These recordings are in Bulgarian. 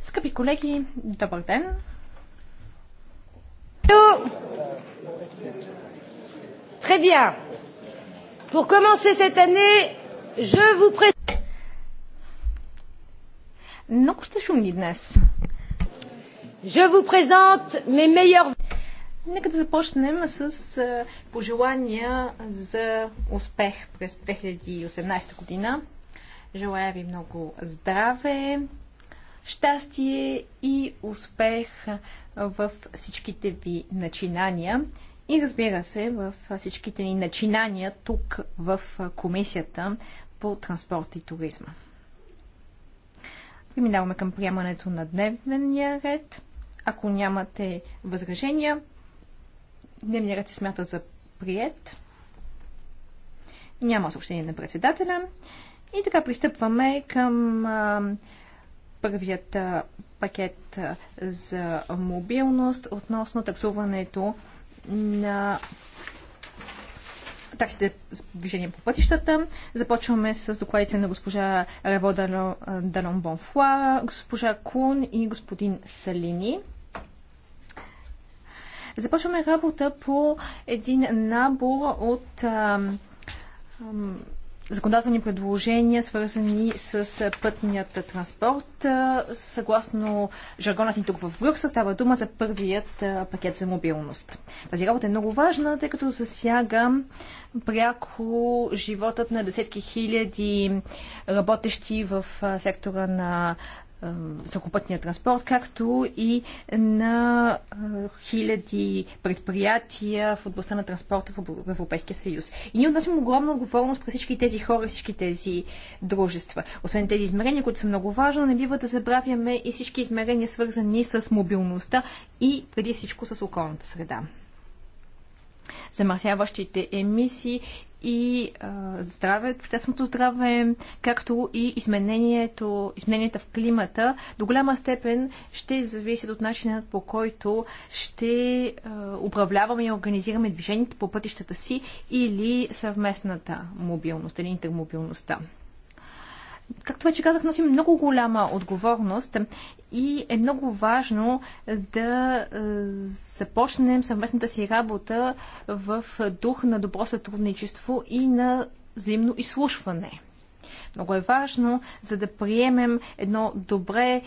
Скъпи колеги, добър ден! Très bien. Pour commencer cette année, je vous présente. Много сте шумни днес. Je vous présente mes meilleurs Нека да започнем с пожелания за успех през 2018 година. Желая ви много здраве, щастие и успех в всичките ви начинания. И разбира се, в всичките ни начинания тук в Комисията по транспорт и туризма. Преминаваме към приемането на дневния ред. Ако нямате възражения, дневния ред се смята за прият. Няма съобщение на председателя. И така пристъпваме към а, първият а, пакет а, за мобилност относно таксуването на таксите за движение по пътищата. Започваме с докладите на госпожа Рево Далон Бонфуа, госпожа Кун и господин Салини. Започваме работа по един набор от а, законодателни предложения, свързани с пътният транспорт. Съгласно жаргонът ни тук в Брюксел, става дума за първият пакет за мобилност. Тази работа е много важна, тъй като засяга пряко животът на десетки хиляди работещи в сектора на сухопътния транспорт, както и на хиляди предприятия в областта на транспорта в Европейския съюз. И ние отнасям огромна отговорност при всички тези хора, всички тези дружества. Освен тези измерения, които са много важни, не бива да забравяме и всички измерения, свързани с мобилността и преди всичко с околната среда замърсяващите емисии и здраве, общественото здраве, както и изменението, измененията в климата, до голяма степен ще зависят от начина по който ще управляваме и организираме движението по пътищата си или съвместната мобилност или интермобилността както вече казах, носим много голяма отговорност и е много важно да е, започнем съвместната си работа в дух на добро сътрудничество и на взаимно изслушване. Много е важно, за да приемем едно добре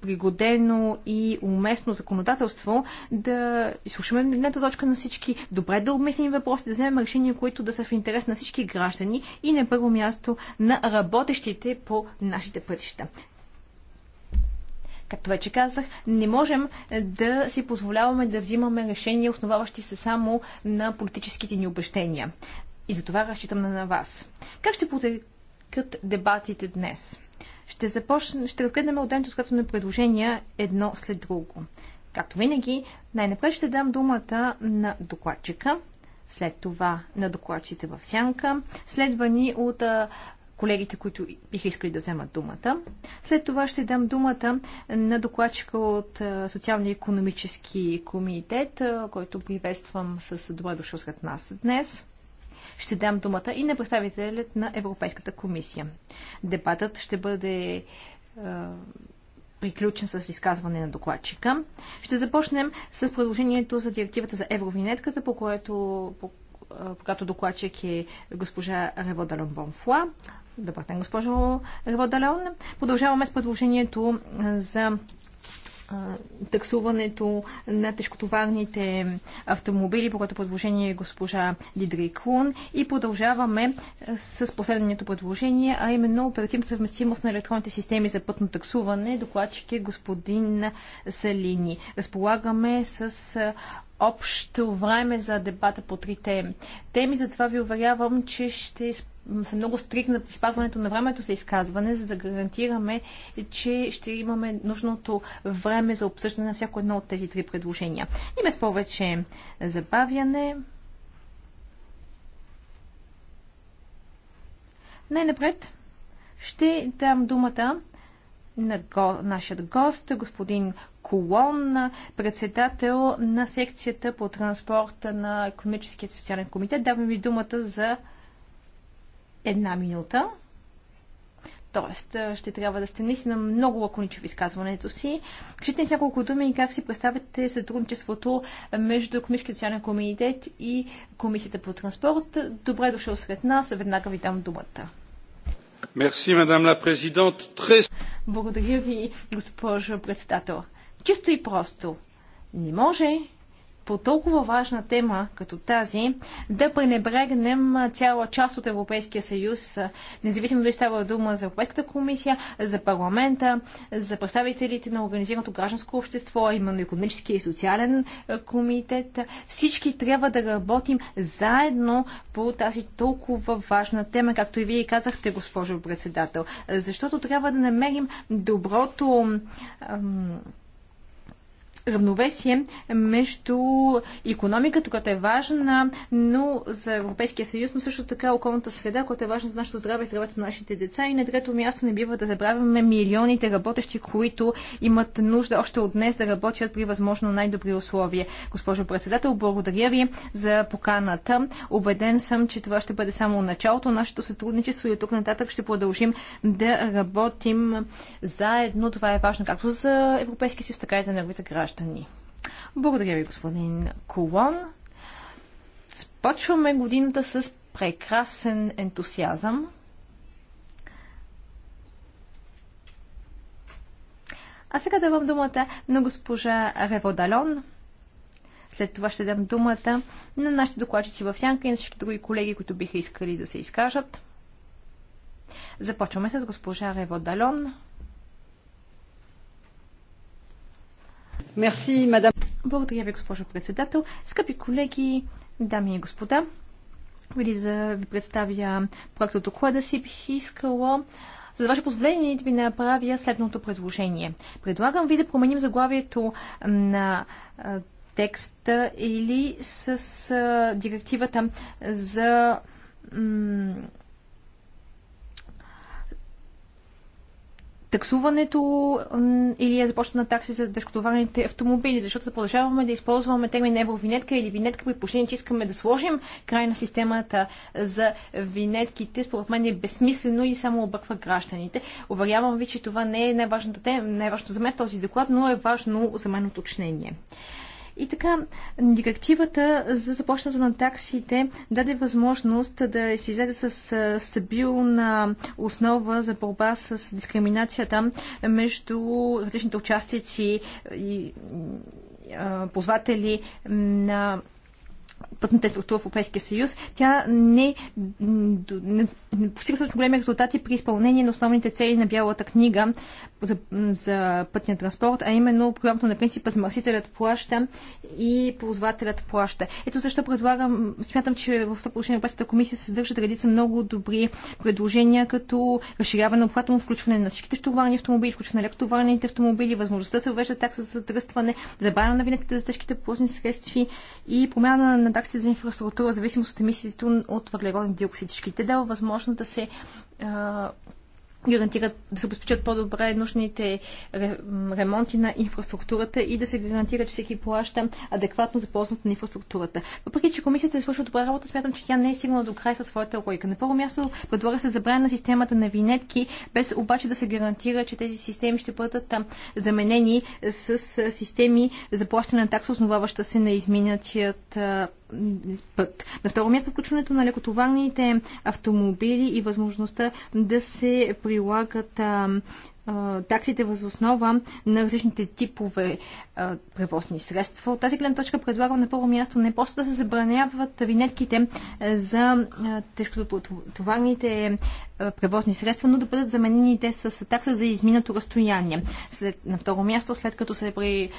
пригодено и уместно законодателство, да изслушаме гледната точка на всички, добре да обмислим въпроси, да вземем решения, които да са в интерес на всички граждани и на първо място на работещите по нашите пътища. Както вече казах, не можем да си позволяваме да взимаме решения, основаващи се само на политическите ни обещения. И за това разчитам на вас. Как ще потекат дебатите днес? Ще, започна, ще разгледаме отделните на предложения едно след друго. Както винаги, най-напред ще дам думата на докладчика, след това на докладчите в сянка, следвани от колегите, които биха искали да вземат думата. След това ще дам думата на докладчика от Социално-економически комитет, който приветствам с добра дошъл сред нас днес ще дам думата и на представителят на Европейската комисия. Дебатът ще бъде е, приключен с изказване на докладчика. Ще започнем с предложението за директивата за евровинетката, по което по, е, по като докладчик е госпожа Реводалон Бонфла. Добър ден, госпожо Реводалон. Продължаваме с предложението за таксуването на тежкотоварните автомобили, по което предложение е госпожа Дидри Клун. И продължаваме с последното предложение, а именно оперативна съвместимост на електронните системи за пътно таксуване. Докладчик е господин Салини. Разполагаме с общо време за дебата по трите теми. Затова ви уверявам, че ще съм много стрикна при спазването на времето за изказване, за да гарантираме, че ще имаме нужното време за обсъждане на всяко едно от тези три предложения. И без повече забавяне. Най-напред ще дам думата на го, нашият гост, господин Колон, председател на секцията по транспорта на Економическият социален комитет. Давам ви думата за една минута. Тоест, ще трябва да сте наистина много лаконичи в изказването си. Кажете ни няколко думи и как си представяте сътрудничеството между Комисия социален комитет и Комисията по транспорт. Добре е дошъл сред нас. Веднага ви дам думата. Благодаря ви, госпожо председател. Чисто и просто. Не може по толкова важна тема като тази да пренебрегнем цяла част от Европейския съюз, независимо дали става дума за Европейската комисия, за парламента, за представителите на организираното гражданско общество, именно економически и социален комитет. Всички трябва да работим заедно по тази толкова важна тема, както и вие казахте, госпожо председател, защото трябва да намерим доброто равновесие между економиката, която е важна, но за Европейския съюз, но също така околната среда, която е важна за нашето здраве и здравето на нашите деца. И на трето място не бива да забравяме милионите работещи, които имат нужда още от днес да работят при възможно най-добри условия. Госпожо председател, благодаря ви за поканата. Обеден съм, че това ще бъде само началото. Нашето сътрудничество и от тук нататък ще продължим да работим заедно. Това е важно както за Европейския съюз, така и за неговите граждани граждани. Благодаря ви, господин Колон. Спочваме годината с прекрасен ентусиазъм. А сега давам думата на госпожа Реводалон. След това ще дам думата на нашите докладчици в сянка и на всички други колеги, които биха искали да се изкажат. Започваме с госпожа Реводалон. Далон. Мерси, мадам. Благодаря ви, госпожо председател. Скъпи колеги, дами и господа, преди да ви представя проекта доклада си, бих искала за ваше позволение да ви направя следното предложение. Предлагам ви да променим заглавието на текста или с директивата за таксуването или е започна такси за тежкотоварните автомобили, защото продължаваме да използваме термин евровинетка или винетка при положение, че искаме да сложим край на системата за винетките. Според мен е безсмислено и само обърква гражданите. Уверявам ви, че това не е най-важната тема, най-важното за мен в този доклад, но е важно за мен уточнение. И така, директивата за започнато на таксите даде възможност да се излезе с стабилна основа за борба с дискриминацията между различните участници и ползватели на пътната структура в Европейския съюз, тя не, не постига големи резултати при изпълнение на основните цели на Бялата книга за, за пътния транспорт, а именно програмата на принципа замърсителят плаща и ползвателят плаща. Ето защо предлагам, смятам, че в това положение Европейската комисия се съдържат редица много добри предложения, като разширяване на обхвата му, включване на всичките товарни автомобили, включване на лекотоварните автомобили, възможността се въвежда такса за задръстване, забавяне на винаги за тежките плътни средства и промяна на таксите за инфраструктура, в зависимост от емисиите от въглероден диоксид. Те дава възможност започнат да се гарантират, да се обезпечат по-добре нужните ремонти на инфраструктурата и да се гарантира, че всеки плаща адекватно за ползването на инфраструктурата. Въпреки, че комисията е свършила добра работа, смятам, че тя не е стигнала до край със своята логика. На първо място предлага се забрана на системата на винетки, без обаче да се гарантира, че тези системи ще бъдат заменени с системи за плащане на такса, основаваща се на изминатият път. На второ място включването на лекотоварните автомобили и възможността да се прилагат а, таксите въз основа на различните типове а, превозни средства. От тази гледна точка предлагам на първо място не просто да се забраняват винетките за тежкотоварните превозни средства, но да бъдат заменени те с такса за изминато разстояние. След, на второ място, след като се при,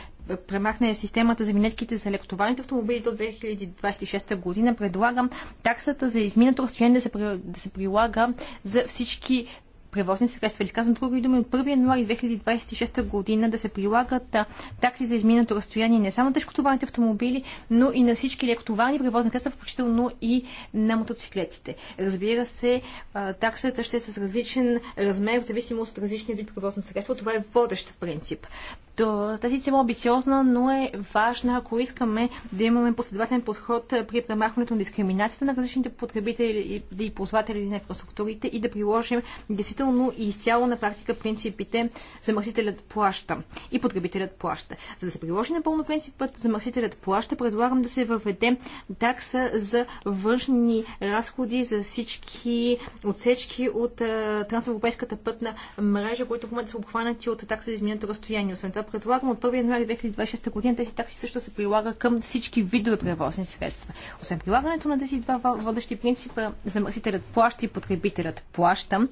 премахне системата за винетките за лекотоварните автомобили до 2026 година, предлагам таксата за изминато разстояние да се, да се прилага за всички превозни средства. Или казвам други думи, от 1 януари 2026 година да се прилагат а, такси за изминато разстояние не само тежкотоварните автомобили, но и на всички лекотоварни превозни средства, включително и на мотоциклетите. Разбира се, а, таксата ще е с различен размер в зависимост от различния вид превозни средства. Това е водещ принцип. Тази цел е амбициозна, но е важна, ако искаме да имаме последователен подход при премахването на дискриминацията на различните потребители и ползватели на инфраструктурите и да приложим действително и изцяло на практика принципите замърсителят плаща и потребителят плаща. За да се приложи напълно принципът замърсителят плаща, предлагам да се въведе такса за външни разходи за всички отсечки от трансевропейската пътна мрежа, които в момента са обхванати от такса за изминато разстояние. Освен това, предлагам от 1 януари 2026 година тези такси също се прилага към всички видове превозни средства. Освен прилагането на тези два водещи принципа, замърсителят плаща и потребителят плаща,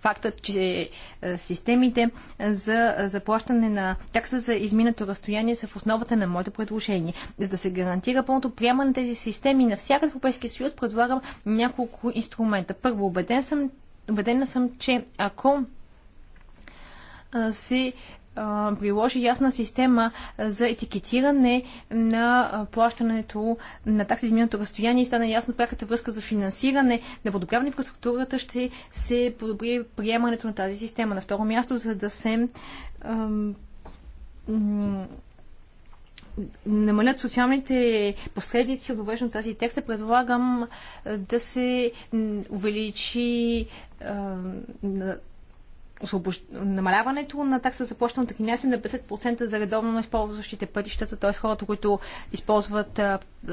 фактът, че е, системите за заплащане на такса за изминато разстояние са в основата на моето предложение. За да се гарантира пълното приема на тези системи навсякъде в Европейския съюз, предлагам няколко инструмента. Първо, убеден съм, убедена съм, че ако се приложи ясна система за етикетиране на плащането на такси за минато разстояние и стана ясна пряката връзка за финансиране на подобряване инфраструктурата, ще се подобри приемането на тази система. На второ място, за да се намалят социалните последици от въвеждане на тази текста, предлагам да се увеличи освобож... намаляването на такса за плащане от 13 на 50% за редовно използващите пътищата, т.е. хората, които използват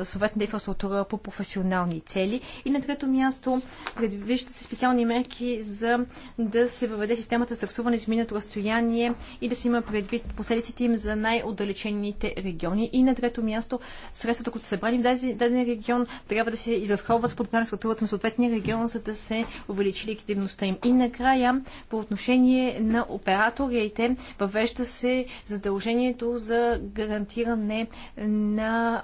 съветната инфраструктура по професионални цели. И на трето място предвиждат се специални мерки за да се въведе системата за таксуване с минато разстояние и да се има предвид последиците им за най-отдалечените региони. И на трето място средствата, които са събрани в даден регион, трябва да се изразходват с подбрана структурата на съответния регион, за да се увеличи ликвидността им. И накрая, по отношение решение на операторите въвежда се задължението за гарантиране на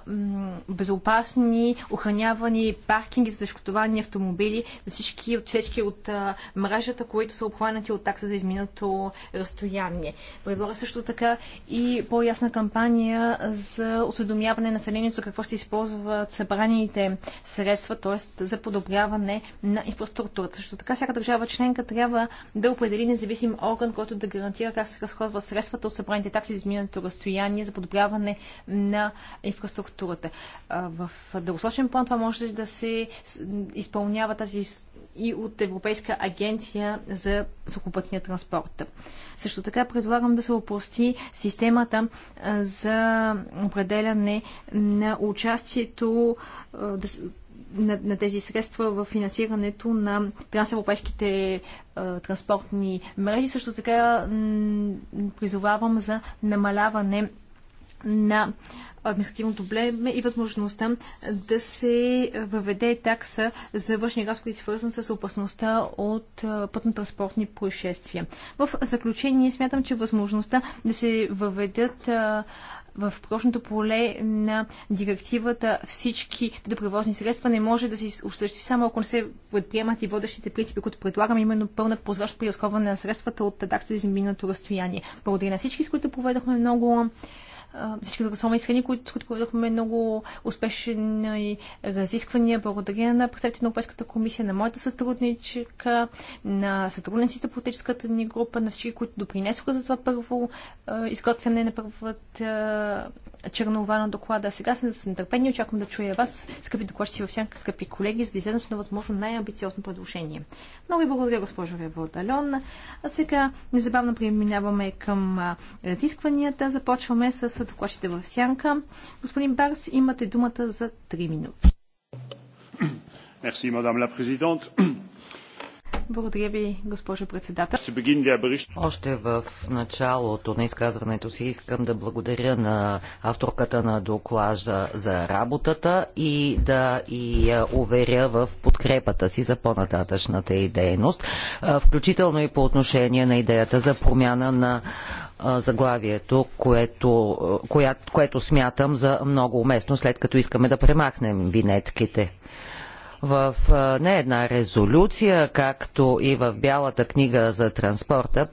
безопасни, охранявани паркинги за тежкотоварни автомобили за всички отсечки от мрежата, които са обхванати от такса за изминато разстояние. Предлага също така и по-ясна кампания за осведомяване на населението за какво ще използват събраните средства, т.е. за подобряване на инфраструктурата. Също така всяка държава членка трябва да определи независимо независим орган, който да гарантира как се разходва средствата от събраните такси за изминато разстояние за подобряване на инфраструктурата. В дългосрочен план това може да се изпълнява тази и от Европейска агенция за сухопътния транспорт. Също така предлагам да се опрости системата за определяне на участието да на, на тези средства в финансирането на трансевропейските транспортни мрежи. Също така призовавам за намаляване на административното бреме и възможността да се въведе такса за външни разходи, свързан с опасността от пътно-транспортни происшествия. В заключение смятам, че възможността да се въведат в прочното поле на директивата всички предпревозни средства не може да се осъществи само ако не се предприемат и водещите принципи, които предлагам, именно пълна прозрачност при разходване на средствата от таксите за изминалото разстояние. Благодаря на всички, с които проведохме много всички са искрени, които, които проведохме много успешни разисквания. Благодаря на представите на Европейската комисия, на моята сътрудничка, на сътрудниците по политическата ни група, на всички, които допринесоха за това първо изготвяне на първата чернова на доклада. Сега съм с нетърпение, очаквам да чуя вас, скъпи докладчици във всяка, скъпи колеги, за да излезем с на възможно най-амбициозно предложение. Много ви благодаря, госпожо Реводалон. А сега незабавно преминаваме към разискванията. Започваме с с докладчите в сянка. Господин Барс, имате думата за 3 минути. Merci, мадам ла президент. Благодаря ви, госпожо председател. Още в началото на изказването си искам да благодаря на авторката на доклада за работата и да и уверя в подкрепата си за по-нататъчната и дейност, включително и по отношение на идеята за промяна на заглавието, което, коя, което смятам за много уместно, след като искаме да премахнем винетките в не една резолюция, както и в Бялата книга за транспорта,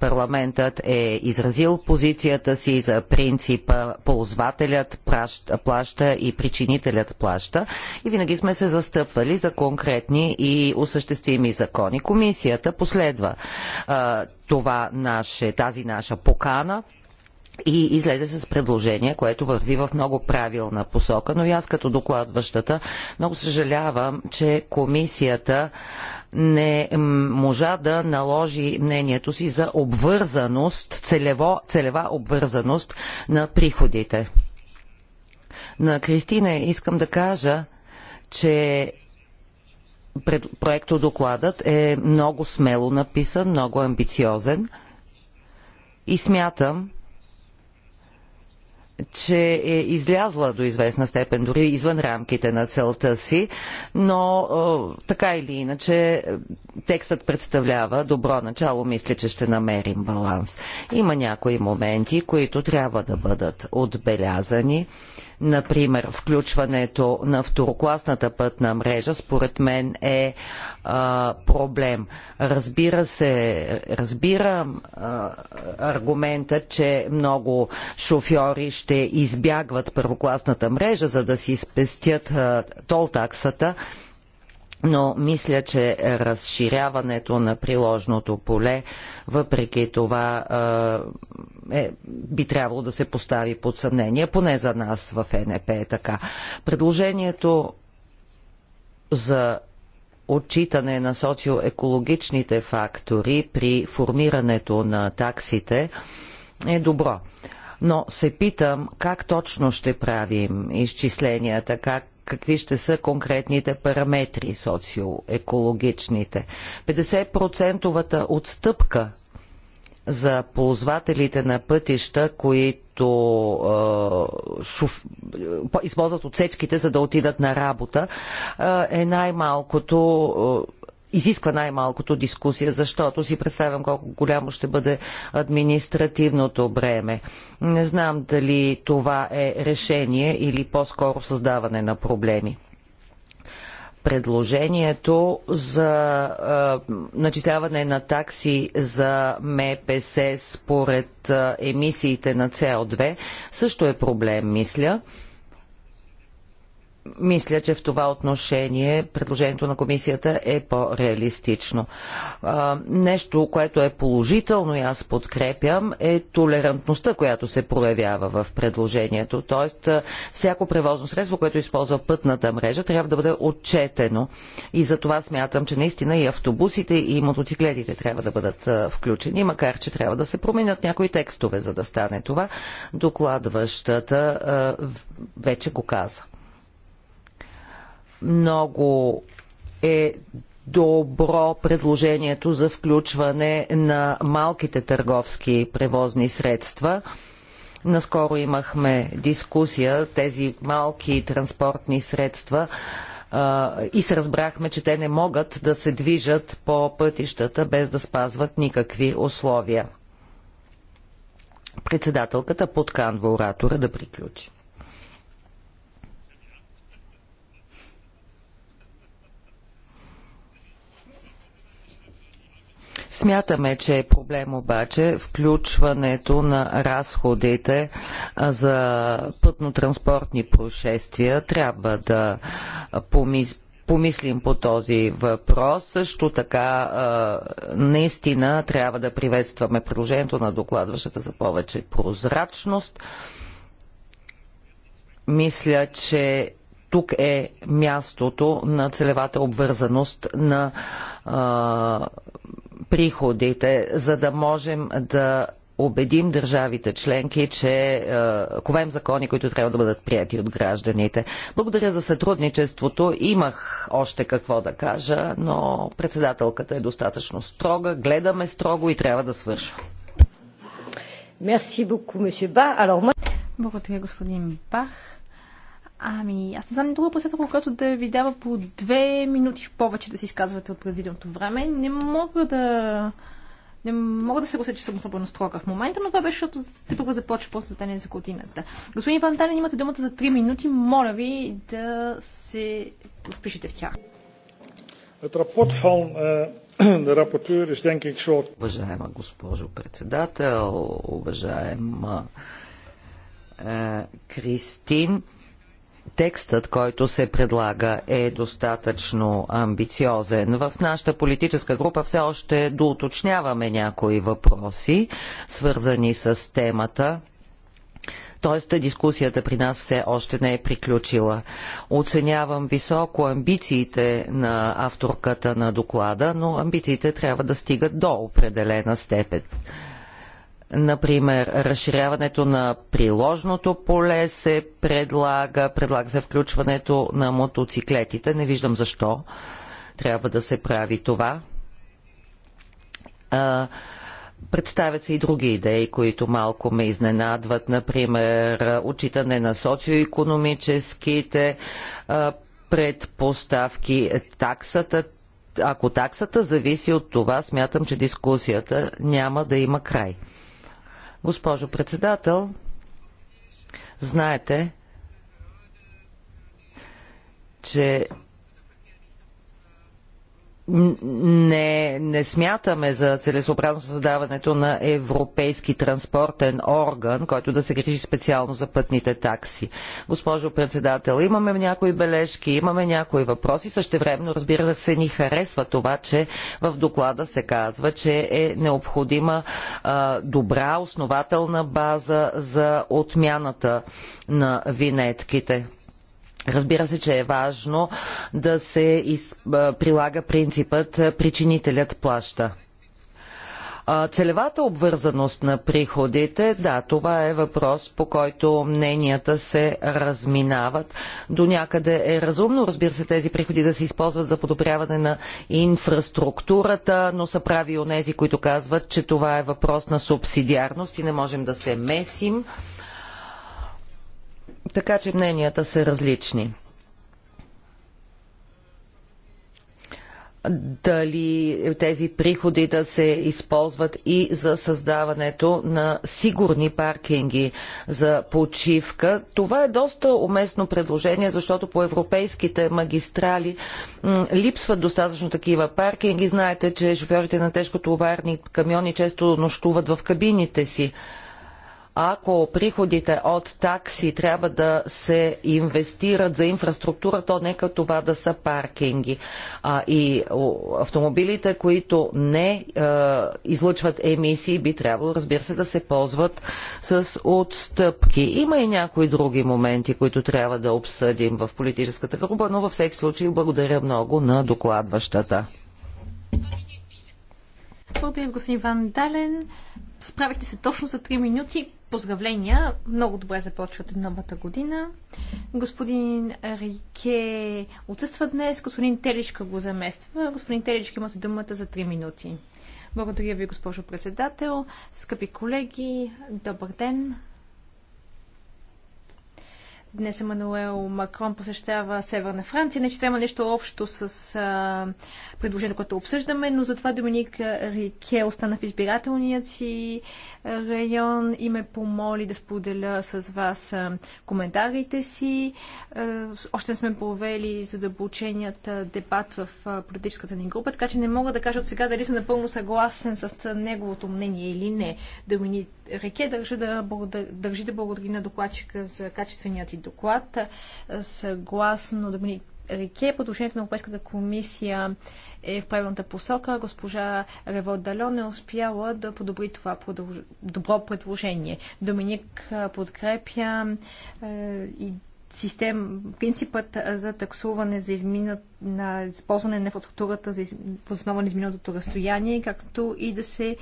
парламентът е изразил позицията си за принципа ползвателят плаща и причинителят плаща и винаги сме се застъпвали за конкретни и осъществими закони. Комисията последва това наше, тази наша покана и излезе с предложение, което върви в много правилна посока, но и аз като докладващата много съжалявам, че комисията не можа да наложи мнението си за обвързаност, целево, целева обвързаност на приходите. На Кристина искам да кажа, че проектодокладът е много смело написан, много амбициозен и смятам, че е излязла до известна степен, дори извън рамките на целта си, но е, така или иначе текстът представлява добро начало. Мисля, че ще намерим баланс. Има някои моменти, които трябва да бъдат отбелязани. Е, Например, включването на второкласната пътна мрежа, според мен е а, проблем. Разбира се, разбирам а, аргумента, че много шофьори ще избягват първокласната мрежа, за да си спестят а, тол таксата но мисля, че разширяването на приложното поле, въпреки това, е, би трябвало да се постави под съмнение, поне за нас в ЕНП е така. Предложението за отчитане на социоекологичните фактори при формирането на таксите е добро но се питам как точно ще правим изчисленията, как какви ще са конкретните параметри социоекологичните. 50 отстъпка за ползвателите на пътища, които е, шуф... използват отсечките, за да отидат на работа, е най-малкото изисква най-малкото дискусия, защото си представям колко голямо ще бъде административното бреме. Не знам дали това е решение или по-скоро създаване на проблеми предложението за а, начисляване на такси за МПС според а, емисиите на со 2 също е проблем, мисля мисля, че в това отношение предложението на комисията е по-реалистично. Нещо, което е положително и аз подкрепям, е толерантността, която се проявява в предложението. Тоест, всяко превозно средство, което използва пътната мрежа, трябва да бъде отчетено. И за това смятам, че наистина и автобусите и мотоциклетите трябва да бъдат включени, макар че трябва да се променят някои текстове, за да стане това. Докладващата вече го каза много е добро предложението за включване на малките търговски превозни средства. Наскоро имахме дискусия тези малки транспортни средства и се разбрахме, че те не могат да се движат по пътищата без да спазват никакви условия. Председателката подканва оратора да приключи. Смятаме, че е проблем обаче включването на разходите за пътно-транспортни происшествия. Трябва да помислим помислим по този въпрос. Също така, наистина трябва да приветстваме предложението на докладващата за повече прозрачност. Мисля, че тук е мястото на целевата обвързаност на а, приходите, за да можем да убедим държавите членки, че е, ковем закони, които трябва да бъдат прияти от гражданите. Благодаря за сътрудничеството. Имах още какво да кажа, но председателката е достатъчно строга. Гледаме строго и трябва да свършва. beaucoup, Ба. Благодаря, господин Бах. Ами, аз не знам друга посетка, която да ви дава по две минути в повече да си изказвате от предвиденото време. Не мога да... Не мога да се глася, че съм особено строга в момента, но това беше, защото те първо започва просто за за годината. Господин Ван имате думата за 3 минути. Моля ви да се впишете в тях. Е, уважаема госпожо председател, уважаема е, Кристин, текстът, който се предлага, е достатъчно амбициозен. В нашата политическа група все още доуточняваме някои въпроси, свързани с темата. Тоест, дискусията при нас все още не е приключила. Оценявам високо амбициите на авторката на доклада, но амбициите трябва да стигат до определена степен. Например, разширяването на приложното поле се предлага, предлага се включването на мотоциклетите. Не виждам защо трябва да се прави това. А, Представят се и други идеи, които малко ме изненадват, например отчитане на социоекономическите предпоставки, таксата. Ако таксата зависи от това, смятам, че дискусията няма да има край. Госпожо председател, знаете, че не, не смятаме за целесообразно създаването на европейски транспортен орган, който да се грижи специално за пътните такси. Госпожо председател, имаме някои бележки, имаме някои въпроси. Същевременно, разбира се, ни харесва това, че в доклада се казва, че е необходима а, добра основателна база за отмяната на винетките. Разбира се, че е важно да се из... прилага принципът причинителят плаща. Целевата обвързаност на приходите, да, това е въпрос, по който мненията се разминават. До някъде е разумно, разбира се, тези приходи да се използват за подобряване на инфраструктурата, но са прави и онези, които казват, че това е въпрос на субсидиарност и не можем да се месим така че мненията са различни. дали тези приходи да се използват и за създаването на сигурни паркинги за почивка. Това е доста уместно предложение, защото по европейските магистрали липсват достатъчно такива паркинги. Знаете, че шофьорите на тежкотоварни камиони често нощуват в кабините си ако приходите от такси трябва да се инвестират за инфраструктура, то нека това да са паркинги. А, и автомобилите, които не а, е, излъчват емисии, би трябвало, разбира се, да се ползват с отстъпки. Има и някои други моменти, които трябва да обсъдим в политическата група, но във всеки случай благодаря много на докладващата. Благодаря, господин Ван Дален. Справихте се точно за 3 минути. Поздравления! Много добре започвате новата година. Господин Рике отсъства днес, господин Теличка го замества. Господин Теличка имате думата за 3 минути. Благодаря ви, госпожо председател. Скъпи колеги, добър ден! Днес Емануел Макрон посещава Северна Франция. Не, че това има нещо общо с а, предложението, което обсъждаме, но затова Доминик Рике остана в избирателният си район и ме помоли да споделя с вас а, коментарите си. А, още не сме провели задълбоченият да дебат в а, политическата ни група, така че не мога да кажа от сега дали съм напълно съгласен с неговото мнение или не. Доминик Реке. държи да, държи да благодари на докладчика за качественият ти доклад. Съгласно Доминик Реке, подложението на Европейската комисия е в правилната посока. Госпожа Рево Далон е успяла да подобри това добро предложение. Доминик подкрепя е, и систем, принципът за таксуване за измина, на използване на инфраструктурата за основа на изминалото разстояние, както и да се е,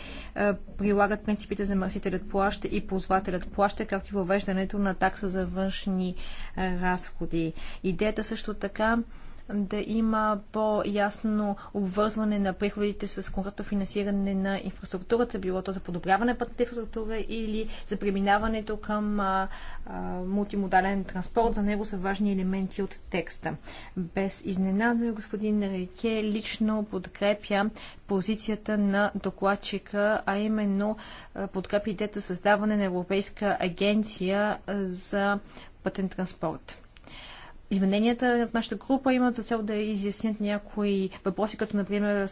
прилагат принципите за мърсителят плаща и ползвателят плаща, както и въвеждането на такса за външни е, разходи. Идеята също така да има по-ясно обвързване на приходите с конкретно финансиране на инфраструктурата, било то за подобряване на пътната инфраструктура или за преминаването към а, а, мултимодален транспорт. За него са важни елементи от текста. Без изненада господин Реке лично подкрепя позицията на докладчика, а именно подкрепи идеята създаване на Европейска агенция за пътен транспорт. Измененията в нашата група имат за цел да изяснят някои въпроси, като например е,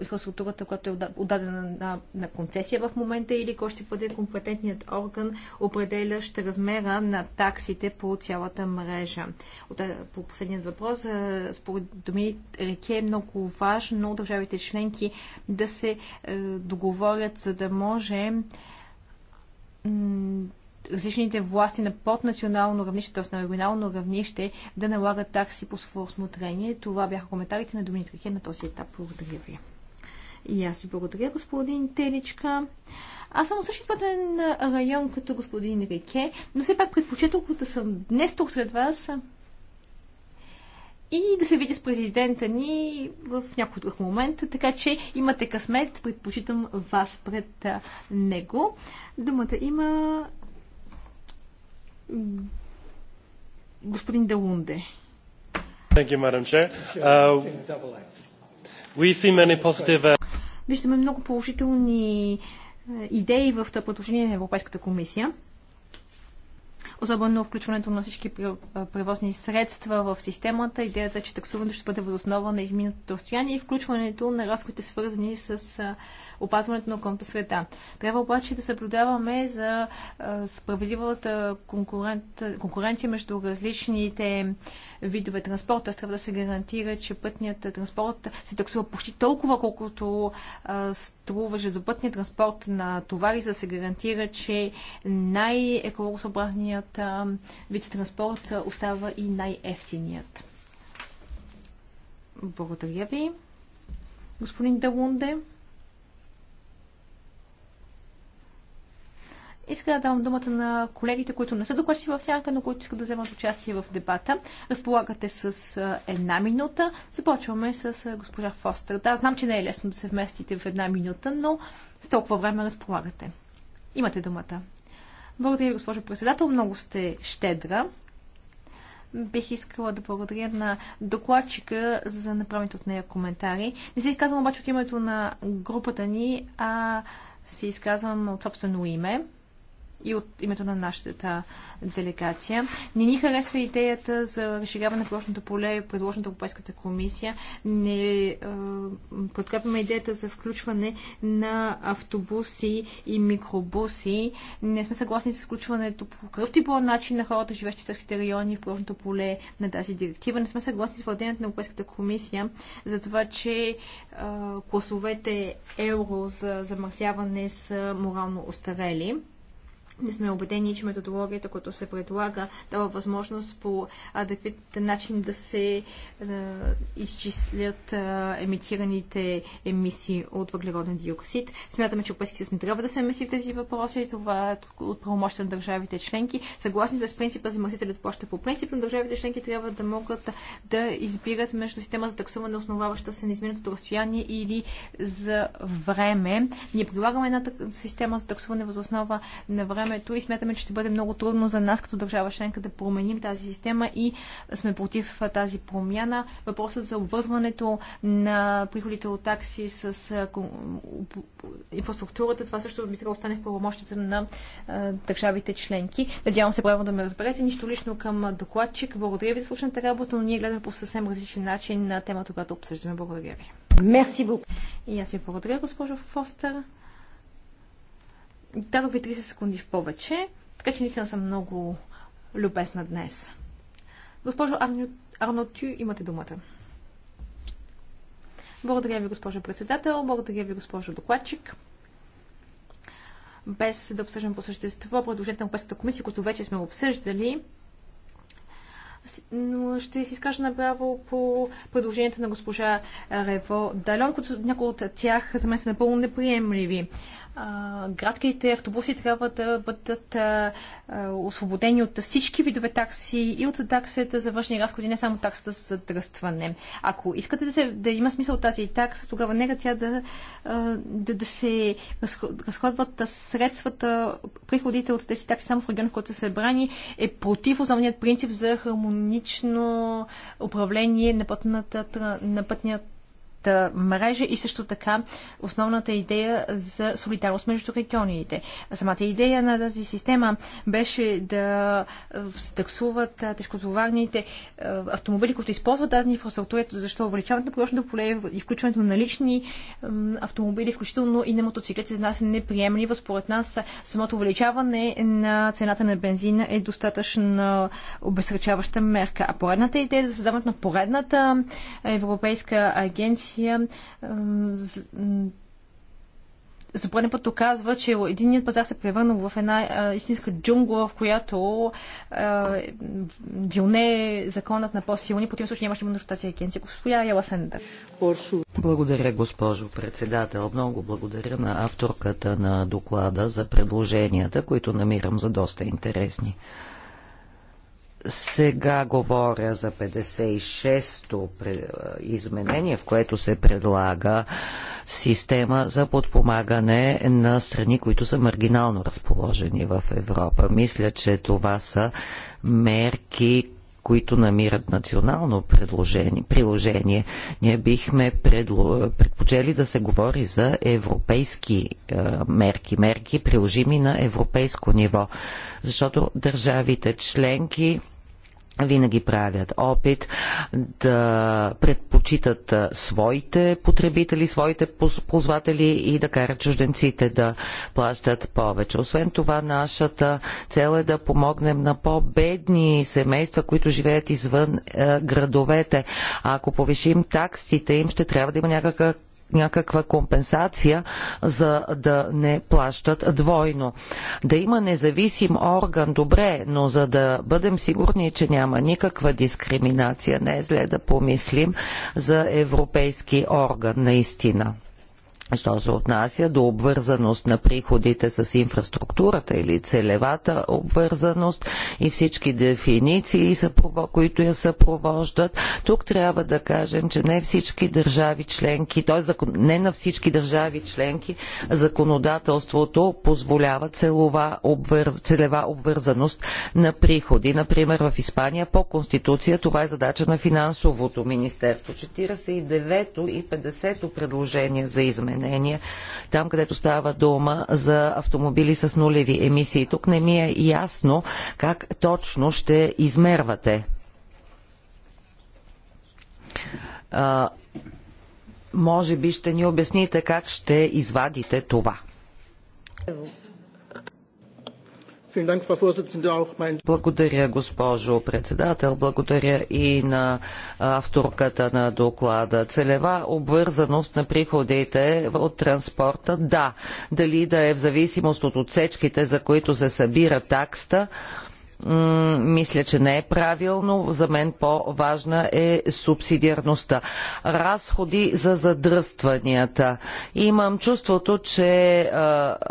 инфраструктурата, която е отдадена на, на концесия в момента или кой ще бъде компетентният орган, определящ размера на таксите по цялата мрежа. От, е, по последният въпрос, е, според Доминик Реке е много важно държавите членки да се договорят, за да може различните власти на поднационално равнище, т.е. на регионално равнище, да налагат такси по свое осмотрение. Това бяха коментарите на Доминик Рике на този етап. Благодаря ви. И аз ви благодаря, господин Теличка. Аз съм от същия район като господин Рике, но все пак предпочитал да съм днес тук сред вас и да се видя с президента ни в някой друг момент. Така че имате късмет, предпочитам вас пред него. Думата има Господин Делунде. Thank you, Madam Chair. Uh, we see many positive... Uh, Виждаме много положителни uh, идеи в това предложение на Европейската комисия. Особено включването на всички uh, превозни средства в системата, идеята е, че таксуването ще бъде възоснова на изминатото разстояние и включването на разходите свързани с опазването на околната среда. Трябва обаче да съблюдаваме за справедливата конкурент, конкуренция между различните видове транспорт. трябва да се гарантира, че пътният транспорт се таксува почти толкова, колкото струва железопътният транспорт на товари, за да се гарантира, че най-екологосъобразният вид транспорт остава и най-ефтиният. Благодаря ви. Господин Далунде. Иска да дам думата на колегите, които не са докладчици в сянка, но които искат да вземат участие в дебата. Разполагате с е, една минута. Започваме с е, госпожа Фостер. Да, знам, че не е лесно да се вместите в една минута, но с толкова време разполагате. Имате думата. Благодаря ви, госпожо председател. Много сте щедра. Бих искала да благодаря на докладчика за направените от нея коментари. Не се изказвам обаче от името на групата ни, а се изказвам от собствено име и от името на нашата делегация. Не ни харесва идеята за разширяване на площното поле, предложената от Европейската комисия. Не е, подкрепяме идеята за включване на автобуси и микробуси. Не сме съгласни с включването по кръв и по начин на хората, живещи в сърските райони в площното поле на тази директива. Не сме съгласни с владението на Европейската комисия за това, че е, класовете евро за замърсяване са морално остарели не сме убедени, че методологията, която се предлага, дава възможност по адекватен начин да се е, изчислят а, е, емитираните емисии от въглероден диоксид. Смятаме, че Европейския съюз не трябва да се меси в тези въпроси. Това е от правомощта на държавите членки. Съгласни с принципа замърсителят плаща по принцип, но държавите членки трябва да могат да избират между система за таксуване, основаваща се на изминатото разстояние или за време. Ние прилагаме една система за таксуване възоснова на време времето и смятаме, че ще бъде много трудно за нас като държава членка да променим тази система и сме против тази промяна. Въпросът за обвързването на приходите от такси с инфраструктурата, това също би трябвало да остане в правомощите на държавите членки. Надявам се правилно да ме разберете. Нищо лично към докладчик. Благодаря ви за слушната работа, но ние гледаме по съвсем различен начин на темата, която обсъждаме. Благодаря ви. Мерси И аз ви благодаря, госпожо Фостер. Дадох ви 30 секунди в повече, така че наистина съм много любезна днес. Госпожо Арно... Арнотю, имате думата. Благодаря ви, госпожо председател. Благодаря ви, госпожо докладчик. Без да обсъждам по същество предложението на Европейската комисия, което вече сме обсъждали, но ще си изкажа направо по предложението на госпожа Рево Далон, които някои от тях за мен са напълно неприемливи. Градките градските автобуси трябва да бъдат освободени от всички видове такси и от таксата за външни разходи, не само таксата за тръстване. Ако искате да, се, да има смисъл тази такса, тогава нека тя да, да, да се разходват средствата, приходите от тези такси само в региона, в който са събрани, е против основният принцип за хармонично управление на, пътната, на пътният мрежа и също така основната идея за солидарност между регионите. Самата идея на тази система беше да таксуват тежкотоварните автомобили, които използват тази инфраструктура, защото увеличаването на прошното поле и включването на лични автомобили, включително и на мотоциклети, за нас е неприемливо. Според нас самото увеличаване на цената на бензина е достатъчно обезсръчаваща мерка. А поредната идея за създаването на поредната европейска агенция комисия за пореден път оказва, че единият пазар се е превърнал в една а, истинска джунгла, в която а, вилне законът на по-силни. По този случай нямаше нужда тази агенция. Госпожа Яла Сендър. Благодаря, госпожо председател. Много благодаря на авторката на доклада за предложенията, които намирам за доста интересни. Сега говоря за 56-то изменение, в което се предлага система за подпомагане на страни, които са маргинално разположени в Европа. Мисля, че това са мерки, които намират национално приложение. Ние бихме предло... предпочели да се говори за европейски е, мерки, мерки приложими на европейско ниво, защото държавите членки винаги правят опит да предпочитат своите потребители, своите ползватели и да карат чужденците да плащат повече. Освен това, нашата цел е да помогнем на по-бедни семейства, които живеят извън е, градовете. А ако повишим таксите им, ще трябва да има някакъв някаква компенсация, за да не плащат двойно. Да има независим орган, добре, но за да бъдем сигурни, че няма никаква дискриминация, не е зле да помислим за европейски орган наистина. Що се отнася до обвързаност на приходите с инфраструктурата или целевата обвързаност и всички дефиниции, които я съпровождат, тук трябва да кажем, че не всички държави членки, т.е. не на всички държави членки законодателството позволява целова обвърз, целева обвързаност на приходи. Например, в Испания по Конституция това е задача на финансовото министерство. 49-то и 50-то предложение за измен изменения, там където става дума за автомобили с нулеви емисии. Тук не ми е ясно как точно ще измервате. А, може би ще ни обясните как ще извадите това. Благодаря, госпожо председател. Благодаря и на авторката на доклада. Целева обвързаност на приходите от транспорта, да. Дали да е в зависимост от отсечките, за които се събира такста, мисля, че не е правилно. За мен по-важна е субсидиарността. Разходи за задръстванията. Имам чувството, че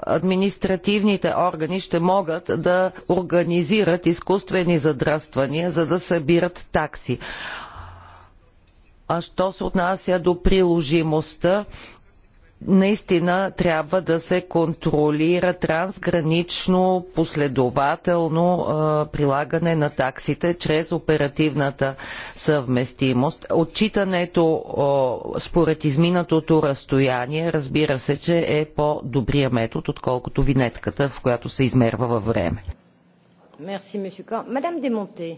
административните органи ще могат да организират изкуствени задръствания, за да събират такси. А що се отнася до приложимостта, наистина трябва да се контролира трансгранично, последователно прилагане на таксите чрез оперативната съвместимост. Отчитането според изминатото разстояние, разбира се, че е по-добрия метод, отколкото винетката, в която се измерва във време. Мерси, Мадам Демонте.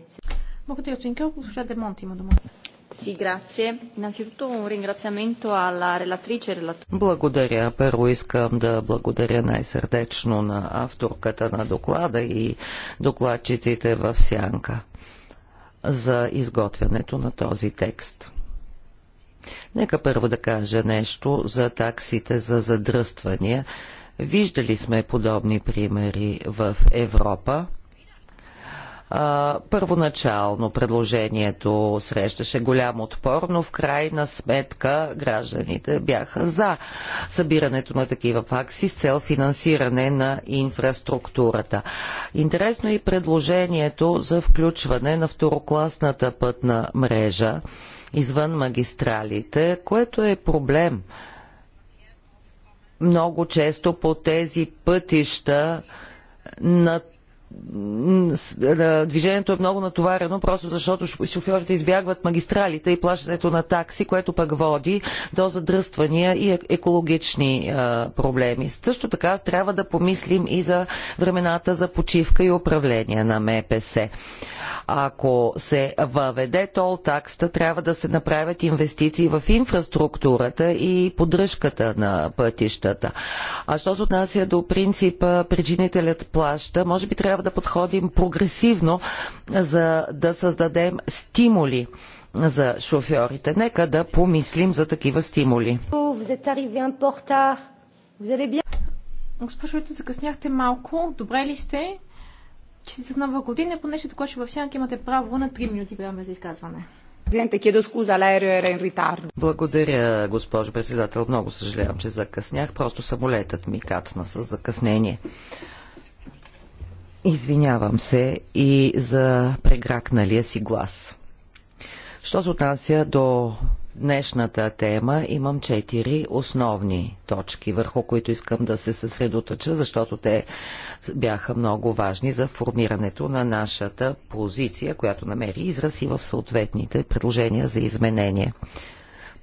Благодаря, господин Кълков. Госпожа Демонте има думата. Innanzitutto un ringraziamento alla relatrice. E благодаря. Първо искам да благодаря най-сърдечно на авторката на доклада и докладчиците в Сянка за изготвянето на този текст. Нека първо да кажа нещо за таксите за задръствания. Виждали сме подобни примери в Европа а, първоначално предложението срещаше голям отпор, но в крайна сметка гражданите бяха за събирането на такива факси с цел финансиране на инфраструктурата. Интересно е и предложението за включване на второкласната пътна мрежа извън магистралите, което е проблем. Много често по тези пътища на е, движението е много натоварено, просто защото шофьорите избягват магистралите и плащането на такси, което пък води до задръствания и е, екологични е, проблеми. Също така трябва да помислим и за времената за почивка и управление на МПС. Ако се въведе тол такста, трябва да се направят инвестиции в инфраструктурата и поддръжката на пътищата. А що се отнася до принципа причинителят плаща, може би трябва трябва да подходим прогресивно, за да създадем стимули за шофьорите. Нека да помислим за такива стимули. Госпожо закъсняхте малко. Добре ли сте? Честита нова година, понеже тук ще в сянка имате право на 3 минути време за изказване. Благодаря, госпожо председател. Много съжалявам, че закъснях. Просто самолетът ми кацна с закъснение. Извинявам се и за прегракналия си глас. Що се отнася до днешната тема, имам четири основни точки, върху които искам да се съсредоточа, защото те бяха много важни за формирането на нашата позиция, която намери израз и в съответните предложения за изменение.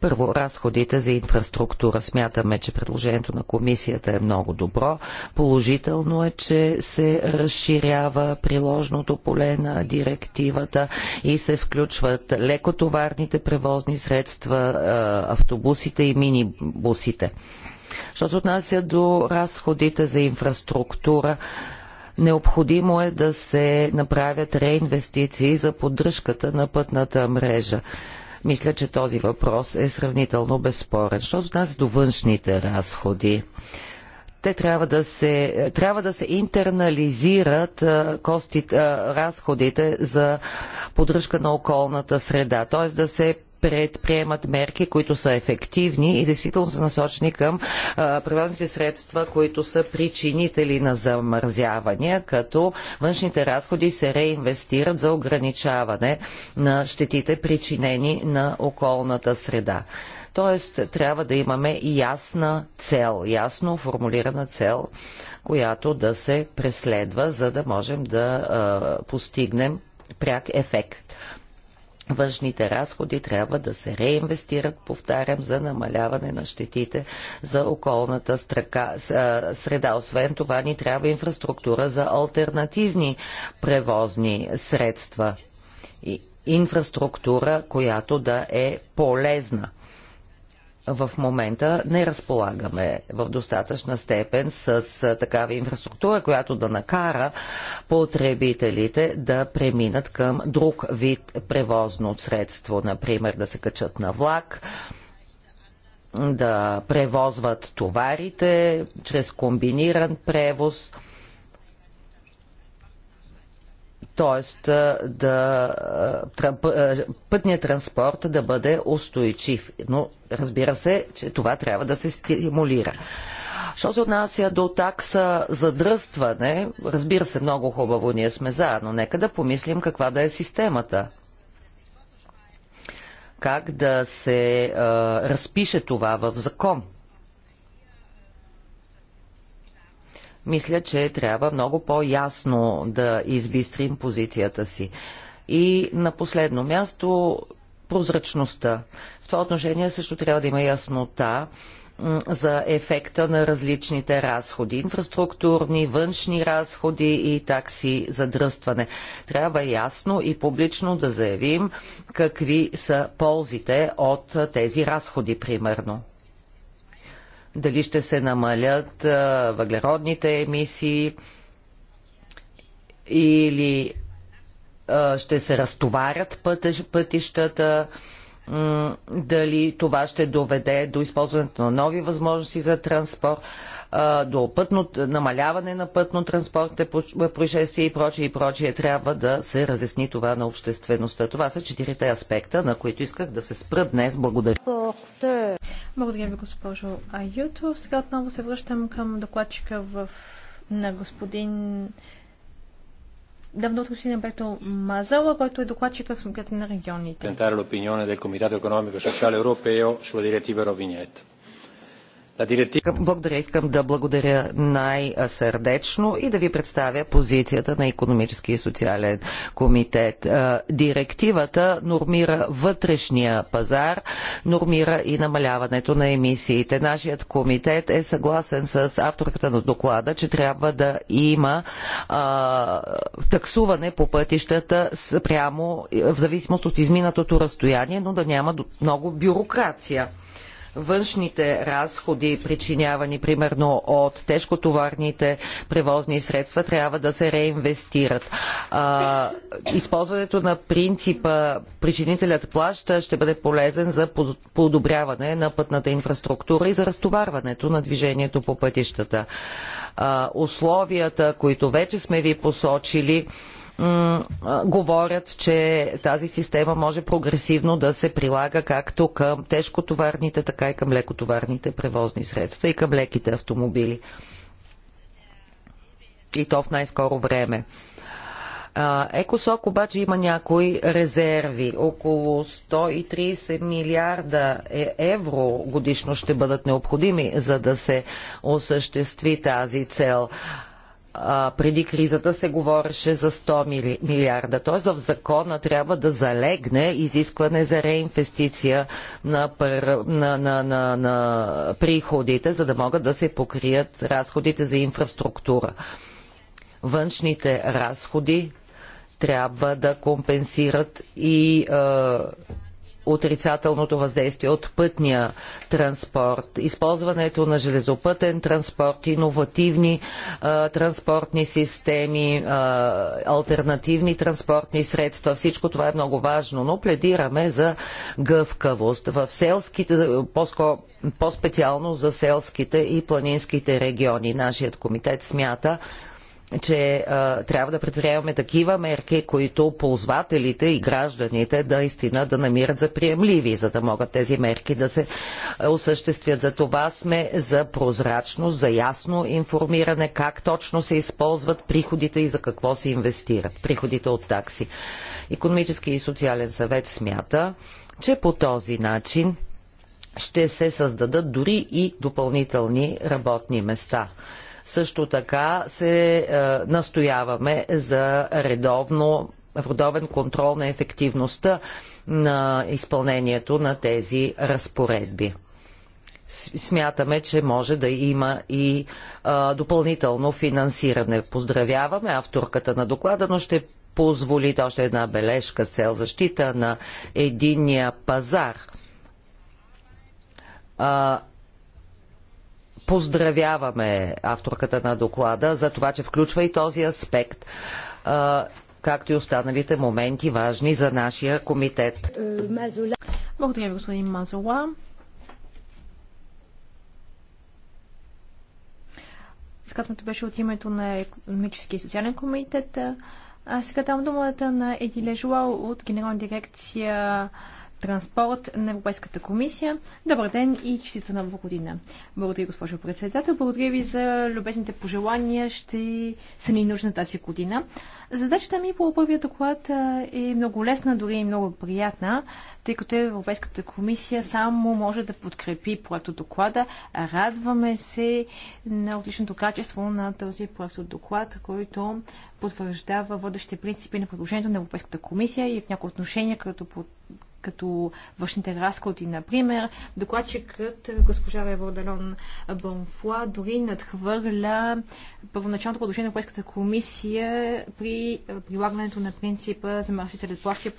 Първо, разходите за инфраструктура. Смятаме, че предложението на комисията е много добро. Положително е, че се разширява приложното поле на директивата и се включват лекотоварните превозни средства, автобусите и минибусите. Що се отнася до разходите за инфраструктура, Необходимо е да се направят реинвестиции за поддръжката на пътната мрежа. Мисля, че този въпрос е сравнително безспорен. Що за нас до външните разходи? те трябва да се, трябва да се интернализират костите, разходите за поддръжка на околната среда, т.е. да се предприемат мерки, които са ефективни и действително са насочени към природните средства, които са причинители на замързявания, като външните разходи се реинвестират за ограничаване на щетите, причинени на околната среда. Тоест, трябва да имаме ясна цел, ясно формулирана цел, която да се преследва, за да можем да а, постигнем пряк ефект. Външните разходи трябва да се реинвестират, повтарям, за намаляване на щетите за околната страка, среда. Освен това ни трябва инфраструктура за альтернативни превозни средства. И инфраструктура, която да е полезна в момента не разполагаме в достатъчна степен с такава инфраструктура, която да накара потребителите да преминат към друг вид превозно средство, например да се качат на влак, да превозват товарите чрез комбиниран превоз – т.е. да пътният транспорт да бъде устойчив. Но разбира се, че това трябва да се стимулира. Що се отнася до такса за дръстване, разбира се, много хубаво ние сме за, но нека да помислим каква да е системата. Как да се а, разпише това в закон? Мисля, че трябва много по-ясно да избистрим позицията си. И на последно място прозрачността. В това отношение също трябва да има яснота за ефекта на различните разходи. Инфраструктурни, външни разходи и такси за дръстване. Трябва ясно и публично да заявим какви са ползите от тези разходи, примерно дали ще се намалят въглеродните емисии или ще се разтоварят пътищата дали това ще доведе до използването на нови възможности за транспорт, до пътно, намаляване на пътно-транспортните происшествия и прочие и прочие. Трябва да се разясни това на обществеността. Това са четирите аспекта, на които исках да се спра днес. Благодаря. Благодаря ви, госпожо Аюто. Сега отново се връщам към докладчика в... на господин давно от господин Бето Мазала, който е докладчик в Сумката на регионите. опиньоне дел Комитет економико социал европео sulla директива Ровиньет. Благодаря. Искам да благодаря най-сърдечно и да ви представя позицията на економически и социален комитет. Е, директивата нормира вътрешния пазар, нормира и намаляването на емисиите. Нашият комитет е съгласен с авторката на доклада, че трябва да има а, таксуване по пътищата прямо в зависимост от изминатото разстояние, но да няма много бюрокрация външните разходи, причинявани примерно от тежкотоварните превозни средства, трябва да се реинвестират. А, използването на принципа причинителят плаща ще бъде полезен за подобряване на пътната инфраструктура и за разтоварването на движението по пътищата. А, условията, които вече сме ви посочили, говорят, че тази система може прогресивно да се прилага както към тежкотоварните, така и към лекотоварните превозни средства и към леките автомобили. И то в най-скоро време. Екосок обаче има някои резерви. Около 130 милиарда е евро годишно ще бъдат необходими, за да се осъществи тази цел а, преди кризата се говореше за 100 милиарда. Т.е. в закона трябва да залегне изискване за реинвестиция на, пър, на, на, на, на приходите, за да могат да се покрият разходите за инфраструктура. Външните разходи трябва да компенсират и е, отрицателното въздействие от пътния транспорт, използването на железопътен транспорт, иновативни а, транспортни системи, а, альтернативни транспортни средства. Всичко това е много важно, но пледираме за гъвкавост. В селските, по-специално по за селските и планинските региони. Нашият комитет смята, че а, трябва да предприемаме такива мерки, които ползвателите и гражданите да истина да намират за приемливи, за да могат тези мерки да се осъществят. За това сме за прозрачност, за ясно информиране как точно се използват приходите и за какво се инвестират. Приходите от такси. Економически и социален съвет смята, че по този начин ще се създадат дори и допълнителни работни места. Също така се а, е, настояваме за редовно, родовен контрол на ефективността на изпълнението на тези разпоредби смятаме, че може да има и а, е, допълнително финансиране. Поздравяваме авторката на доклада, но ще позволи още една бележка с цел защита на единния пазар. А, поздравяваме авторката на доклада за това, че включва и този аспект, както и останалите моменти важни за нашия комитет. Благодаря ви, господин Мазола. Изказването беше от името на Економически и социален комитет. А сега дам думата на Едиле Жуал от Генерална дирекция транспорт на Европейската комисия. Добър ден и честита нова година. Благодаря, госпожо председател. Благодаря ви за любезните пожелания. Ще са ни нужна тази година. Задачата ми по първия доклад е много лесна, дори и много приятна, тъй като Европейската комисия само може да подкрепи проекто доклада. Радваме се на отличното качество на този проекто доклад, който потвърждава водещите принципи на предложението на Европейската комисия и в някои отношения, като, като външните разходи, например. Докладчикът е, госпожа Еводалон Бонфла дори надхвърля първоначалното продължение на Европейската комисия при е, прилагането на принципа замърсителят плаща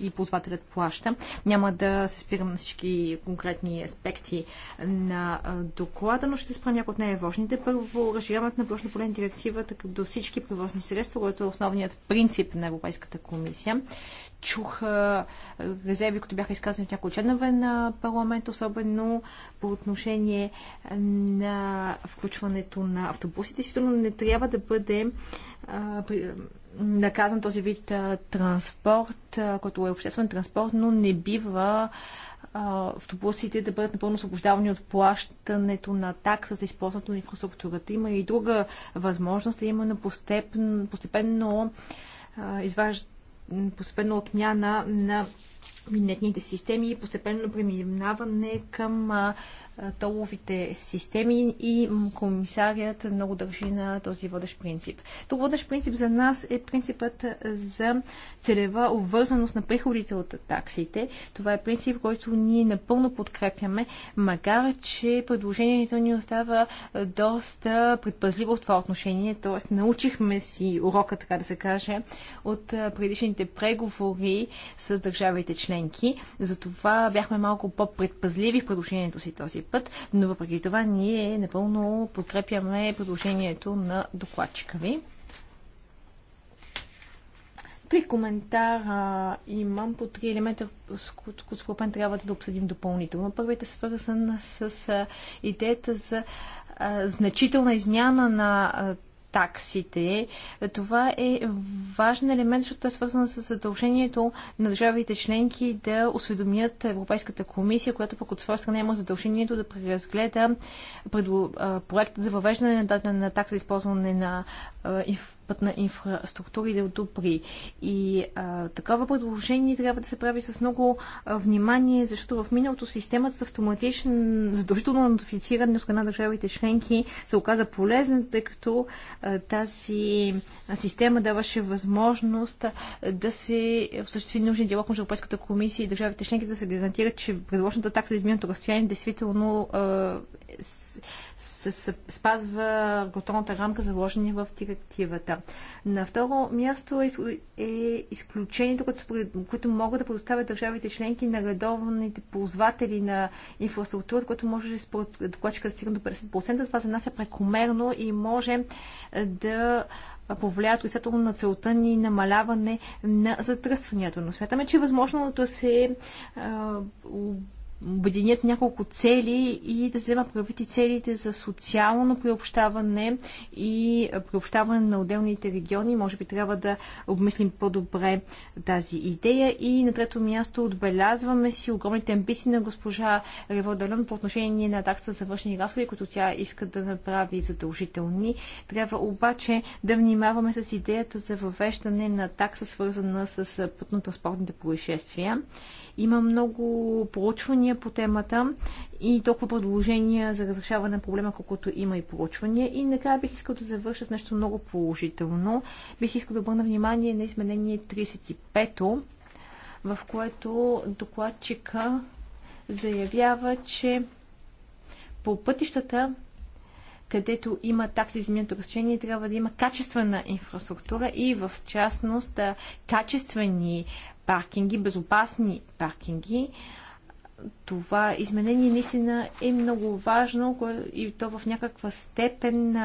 и ползвателят плаща. Няма да се спирам на всички конкретни аспекти на е, доклада, но ще спра някои от най-важните. Първо, разширяването на площно поле на директивата до всички превозни средства, което е основният принцип на Европейската комисия чуха резерви, които бяха изказани от някои членове на парламент, особено по отношение на включването на автобусите. Действително не трябва да бъде наказан този вид а, транспорт, а, който е обществен транспорт, но не бива автобусите да бъдат напълно освобождавани от плащането на такса за използването на инфраструктурата. Има и друга възможност, а именно постепенно, постепенно изваждане постепенна отмяна на винетните системи и постепенно преминаване към толовите системи и комисарият много държи на този водещ принцип. Тук водещ принцип за нас е принципът за целева обвързаност на приходите от таксите. Това е принцип, който ние напълно подкрепяме, макар че предложението ни остава доста предпазливо в това отношение, т.е. научихме си урока, така да се каже, от предишните преговори с държавите членки оценки. Затова бяхме малко по-предпазливи в предложението си този път, но въпреки това ние напълно подкрепяме предложението на докладчика ви. Три коментара имам по три елемента, с които трябва да обсъдим допълнително. Първият е свързан с идеята за значителна измяна на таксите. Това е важен елемент, защото е свързан с задължението на държавите членки да осведомят Европейската комисия, която пък от своя страна има задължението да преразгледа проектът за въвеждане на дадена такса за използване на инф пътна инфраструктура и да одобри. И а, такова предложение трябва да се прави с много а, внимание, защото в миналото системата с автоматичен задължително нотифициране от страна държавите членки се оказа полезен, тъй като а, тази система даваше възможност да се осъществи нужен диалог между Европейската комисия и държавите членки, да се гарантират, че предложената такса за изминато разстояние действително а, се спазва готовната рамка, заложена в директивата. На второ място е, е изключението, което, могат да предоставят държавите членки на редовните ползватели на инфраструктура, което може според докладчика да стигне до 50%. Това за нас е прекомерно и може да повлияят отрицателно на целта ни намаляване на затръстванията. Но смятаме, че е възможно да се а, обединят няколко цели и да взема правити целите за социално приобщаване и приобщаване на отделните региони. Може би трябва да обмислим по-добре тази идея. И на трето място отбелязваме си огромните амбиции на госпожа Рево Далън по отношение на таксата за външни разходи, които тя иска да направи задължителни. Трябва обаче да внимаваме с идеята за въвеждане на такса, свързана с пътно-транспортните происшествия. Има много проучвания по темата и толкова предложения за разрешаване на проблема, колкото има и проучвания. И накрая бих искал да завърша с нещо много положително. Бих искал да обърна внимание на изменение 35-то, в което докладчика заявява, че по пътищата където има такси за минато разстояние, трябва да има качествена инфраструктура и в частност качествени паркинги, безопасни паркинги. Това изменение наистина е много важно и то в някаква степен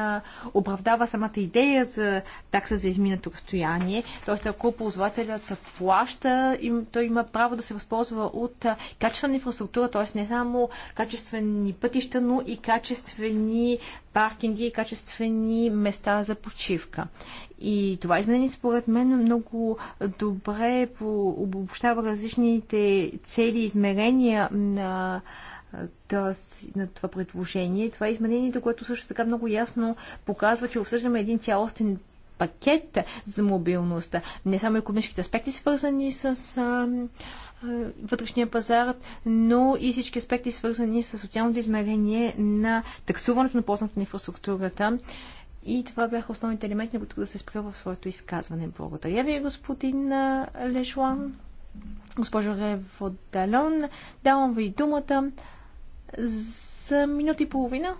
оправдава самата идея за такса за изминато разстояние. Тоест, ако ползвателят плаща, той има право да се възползва от качествена инфраструктура, т.е. не само качествени пътища, но и качествени паркинги и качествени места за почивка. И това изменение според мен много добре обобщава различните цели и измерения на на това предложение. Това е изменението, което също така много ясно показва, че обсъждаме един цялостен пакет за мобилността. Не само економическите аспекти, свързани с а, вътрешния пазар, но и всички аспекти, свързани с социалното измерение на таксуването на ползването на инфраструктурата и това бяха основните елементи, на които да се спря в своето изказване. Благодаря ви, господин Лешуан. Госпожо Реводалон, давам ви думата за минути и половина.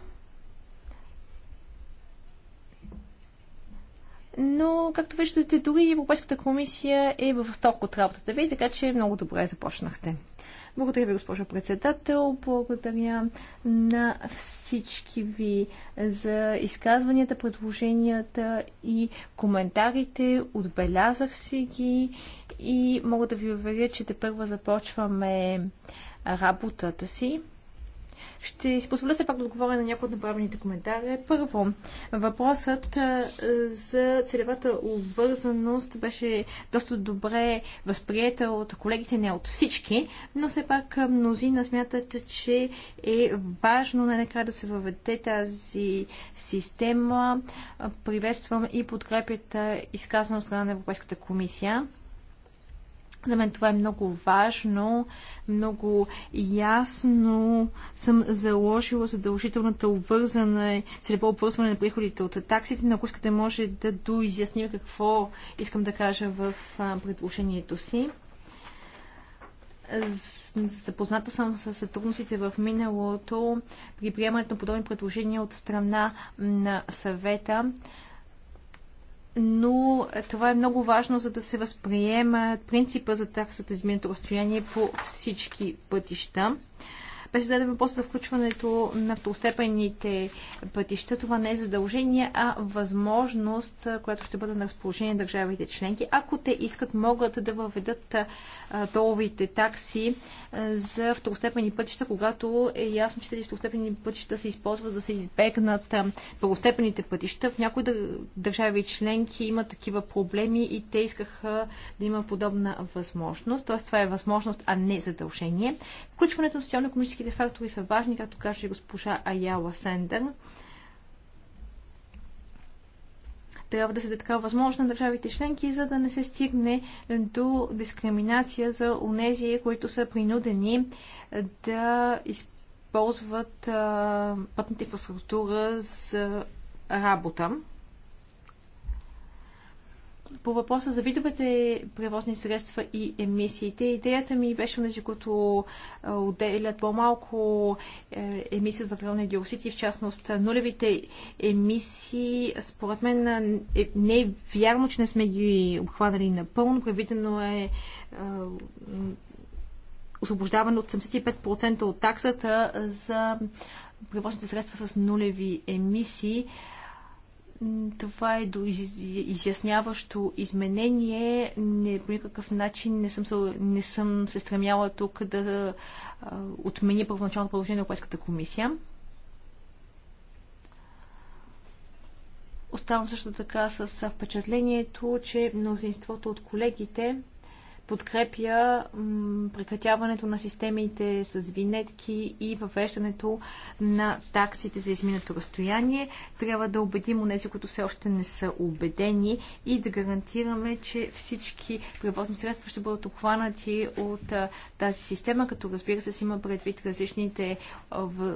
Но, както виждате, дори Европейската комисия е в сток от работата ви, така че много добре започнахте. Благодаря ви, госпожо председател. Благодаря на всички ви за изказванията, предложенията и коментарите. Отбелязах си ги и мога да ви уверя, че те първо започваме работата си. Ще си позволя все пак да отговоря на някои от направените коментари. Първо, въпросът за целевата обвързаност беше доста добре възприета от колегите, не от всички, но все пак мнозина смятат, че е важно най-накрая да се въведе тази система. Приветствам и подкрепят изказана от страна на Европейската комисия. За мен това е много важно, много ясно съм заложила задължителната обвързане, целево обвързване на приходите от таксите, но ако искате може да доизясним какво искам да кажа в предложението си. Запозната съм с трудностите в миналото при приемането на подобни предложения от страна на съвета но това е много важно, за да се възприема принципа за таксата изминато разстояние по всички пътища. Без да е въпрос за включването на второстепенните пътища. Това не е задължение, а възможност, която ще бъде на разположение на държавите членки. Ако те искат, могат да въведат толовите такси за второстепени пътища, когато е ясно, че тези второстепени пътища се използват да се избегнат първостепените пътища. В някои държави членки има такива проблеми и те искаха да има подобна възможност. Тоест това е възможност, а не задължение. Включването на социално-економически човешките фактори са важни, както каже госпожа Аяла Сендер. трябва да се даде така възможност на държавите членки, за да не се стигне до дискриминация за унези, които са принудени да използват пътната инфраструктура за работа по въпроса за видовете превозни средства и емисиите, идеята ми беше на които отделят по-малко е, емисии от въглеродни диоксид и в частност нулевите емисии. Според мен е, не е вярно, че не сме ги обхванали напълно. Предвидено е освобождаване от 75% от таксата за превозните средства с нулеви емисии. Това е до изясняващо изменение. Не, по никакъв начин не съм, се, не съм се стремяла тук да а, отмени първоначалното положение на Европейската комисия. Оставам също така с впечатлението, че мнозинството от колегите подкрепя прекратяването на системите с винетки и въвеждането на таксите за изминато разстояние. Трябва да убедим онези, които все още не са убедени и да гарантираме, че всички превозни средства ще бъдат обхванати от а, тази система, като разбира се има предвид различните а, в,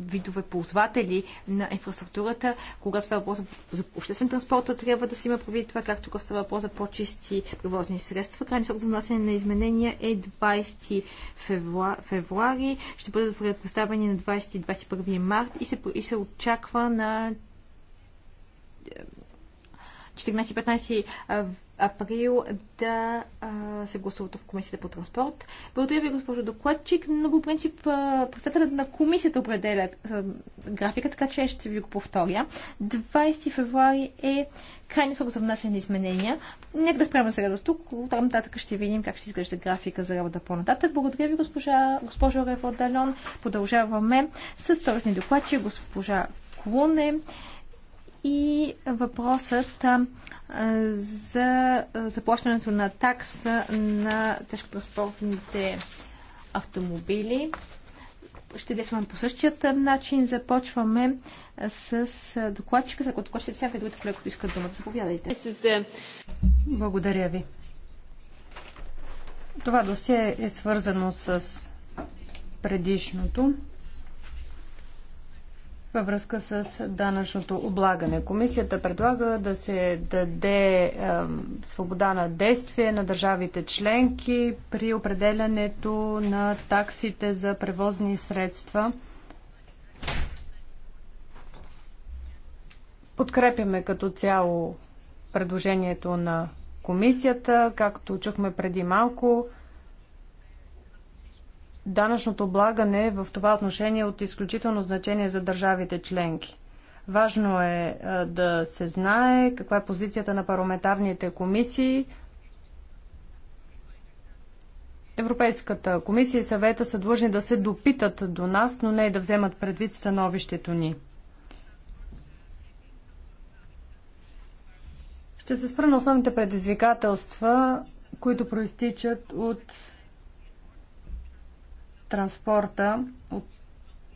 видове ползватели на инфраструктурата. Когато става въпрос за обществен транспорт, трябва да се има предвид това, както става въпрос за по-чисти превозни средства. Крайни срок за внасяне на изменения е 20 февруари. Ще бъдат предоставени на 20-21 март и се, и се очаква на 14-15 е, е, април да а, е, се гласуват в Комисията по транспорт. Благодаря ви, госпожо докладчик, но по принцип председателят на комисията определя графика, така че ще ви го повторя. 20 февруари е крайни срок за внасяне на изменения. Нека да спряме сега до тук. От там нататък ще видим как ще изглежда графика за работа по-нататък. Благодаря ви, госпожа, госпожа Рево Далон. Продължаваме с вторични докладчи, госпожа Клуне и въпросът за заплащането на такса на тежкотранспортните автомобили ще действаме по същият начин. Започваме с докладчика, за който ще и другите колеги, които искат думата. Заповядайте. Благодаря ви. Това досие е свързано с предишното във връзка с данъчното облагане. Комисията предлага да се даде е, свобода на действие на държавите членки при определянето на таксите за превозни средства. Подкрепяме като цяло предложението на комисията, както чухме преди малко. Данъчното облагане в това отношение е от изключително значение за държавите членки. Важно е, е да се знае каква е позицията на парламентарните комисии. Европейската комисия и съвета са длъжни да се допитат до нас, но не и да вземат предвид становището ни. Ще се спра на основните предизвикателства, които проистичат от транспорта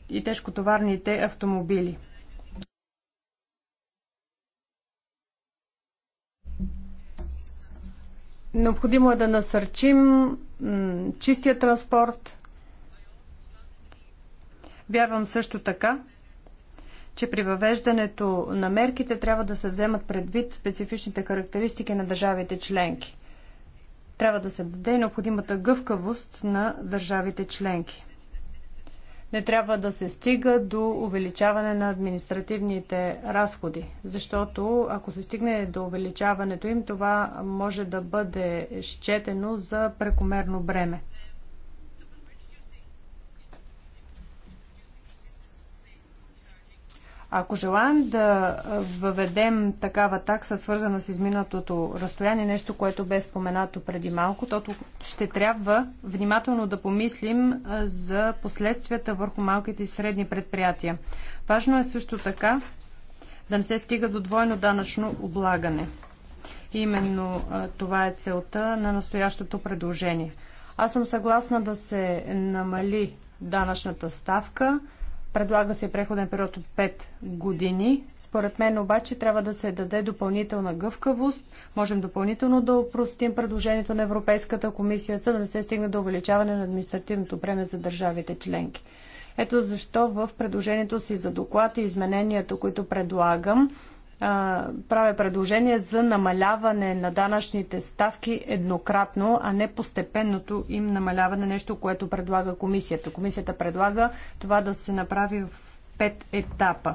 и тежкотоварните автомобили. Необходимо е да насърчим чистия транспорт. Вярвам също така, че при въвеждането на мерките трябва да се вземат предвид специфичните характеристики на държавите членки. Трябва да се даде необходимата гъвкавост на държавите членки. Не трябва да се стига до увеличаване на административните разходи, защото ако се стигне до увеличаването им, това може да бъде счетено за прекомерно бреме. Ако желаем да въведем такава такса, свързана с изминатото разстояние, нещо, което бе споменато преди малко, то ще трябва внимателно да помислим за последствията върху малките и средни предприятия. Важно е също така да не се стига до двойно данъчно облагане. Именно това е целта на настоящото предложение. Аз съм съгласна да се намали данъчната ставка, Предлага се преходен период от 5 години. Според мен обаче трябва да се даде допълнителна гъвкавост. Можем допълнително да упростим предложението на Европейската комисия, за да не се стигне до увеличаване на административното бреме за държавите членки. Ето защо в предложението си за доклад и измененията, които предлагам, правя предложение за намаляване на данъчните ставки еднократно, а не постепенното им намаляване, нещо, което предлага комисията. Комисията предлага това да се направи в пет етапа.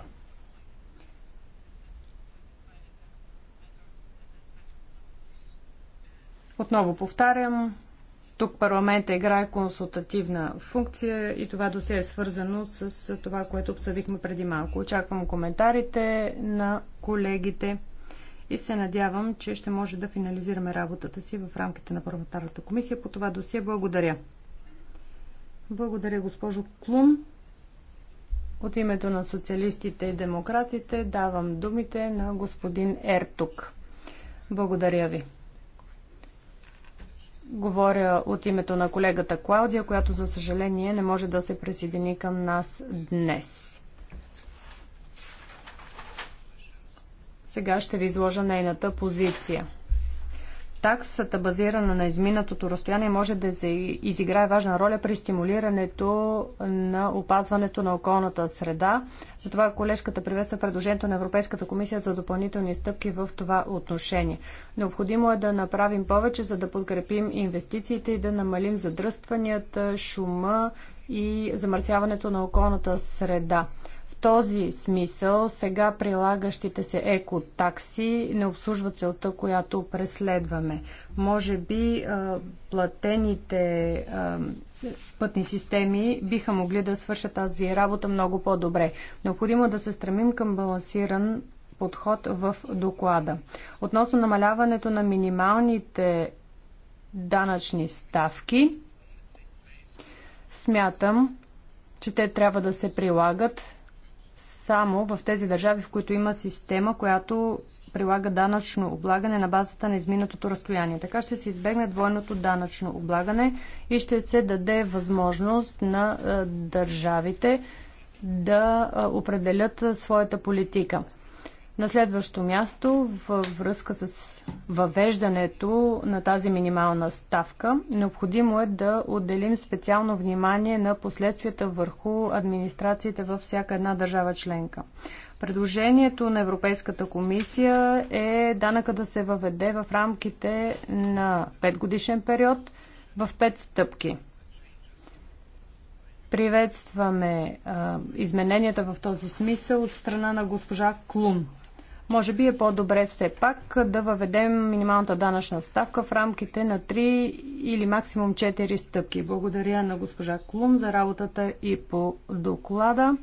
Отново повтарям, тук парламента играе консултативна функция и това досе е свързано с това, което обсъдихме преди малко. Очаквам коментарите на колегите и се надявам, че ще може да финализираме работата си в рамките на парламентарната комисия по това досие. Благодаря. Благодаря, госпожо Клун. От името на социалистите и демократите давам думите на господин Ертук. Благодаря ви. Говоря от името на колегата Клаудия, която за съжаление не може да се присъедини към нас днес. Сега ще ви изложа нейната позиция. Таксата, базирана на изминатото разстояние, може да изиграе важна роля при стимулирането на опазването на околната среда. Затова колежката приветства предложението на Европейската комисия за допълнителни стъпки в това отношение. Необходимо е да направим повече, за да подкрепим инвестициите и да намалим задръстванията, шума и замърсяването на околната среда този смисъл сега прилагащите се екотакси не обслужват целта, която преследваме. Може би платените пътни системи биха могли да свършат тази работа много по-добре. Необходимо е да се стремим към балансиран подход в доклада. Относно намаляването на минималните данъчни ставки, смятам, че те трябва да се прилагат само в тези държави, в които има система, която прилага данъчно облагане на базата на изминатото разстояние. Така ще се избегне двойното данъчно облагане и ще се даде възможност на държавите да определят своята политика. На следващо място, във връзка с въвеждането на тази минимална ставка, необходимо е да отделим специално внимание на последствията върху администрациите във всяка една държава членка. Предложението на Европейската комисия е данъка да се въведе в рамките на 5 годишен период в 5 стъпки. Приветстваме а, измененията в този смисъл от страна на госпожа Клун. Може би е по-добре все пак да въведем минималната данъчна ставка в рамките на 3 или максимум 4 стъпки. Благодаря на госпожа Клум за работата и по доклада.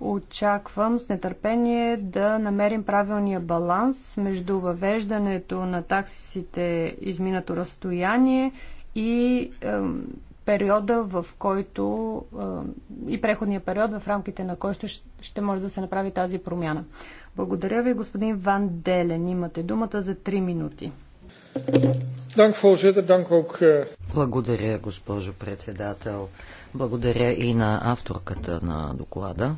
Очаквам с нетърпение да намерим правилния баланс между въвеждането на таксисите, изминато разстояние и е, периода, в който е, и преходния период, в рамките на който ще, ще може да се направи тази промяна. Благодаря ви, господин Ван Делен. Имате думата за 3 минути. Eh, Благодаря, госпожо председател. Благодаря и на авторката на доклада.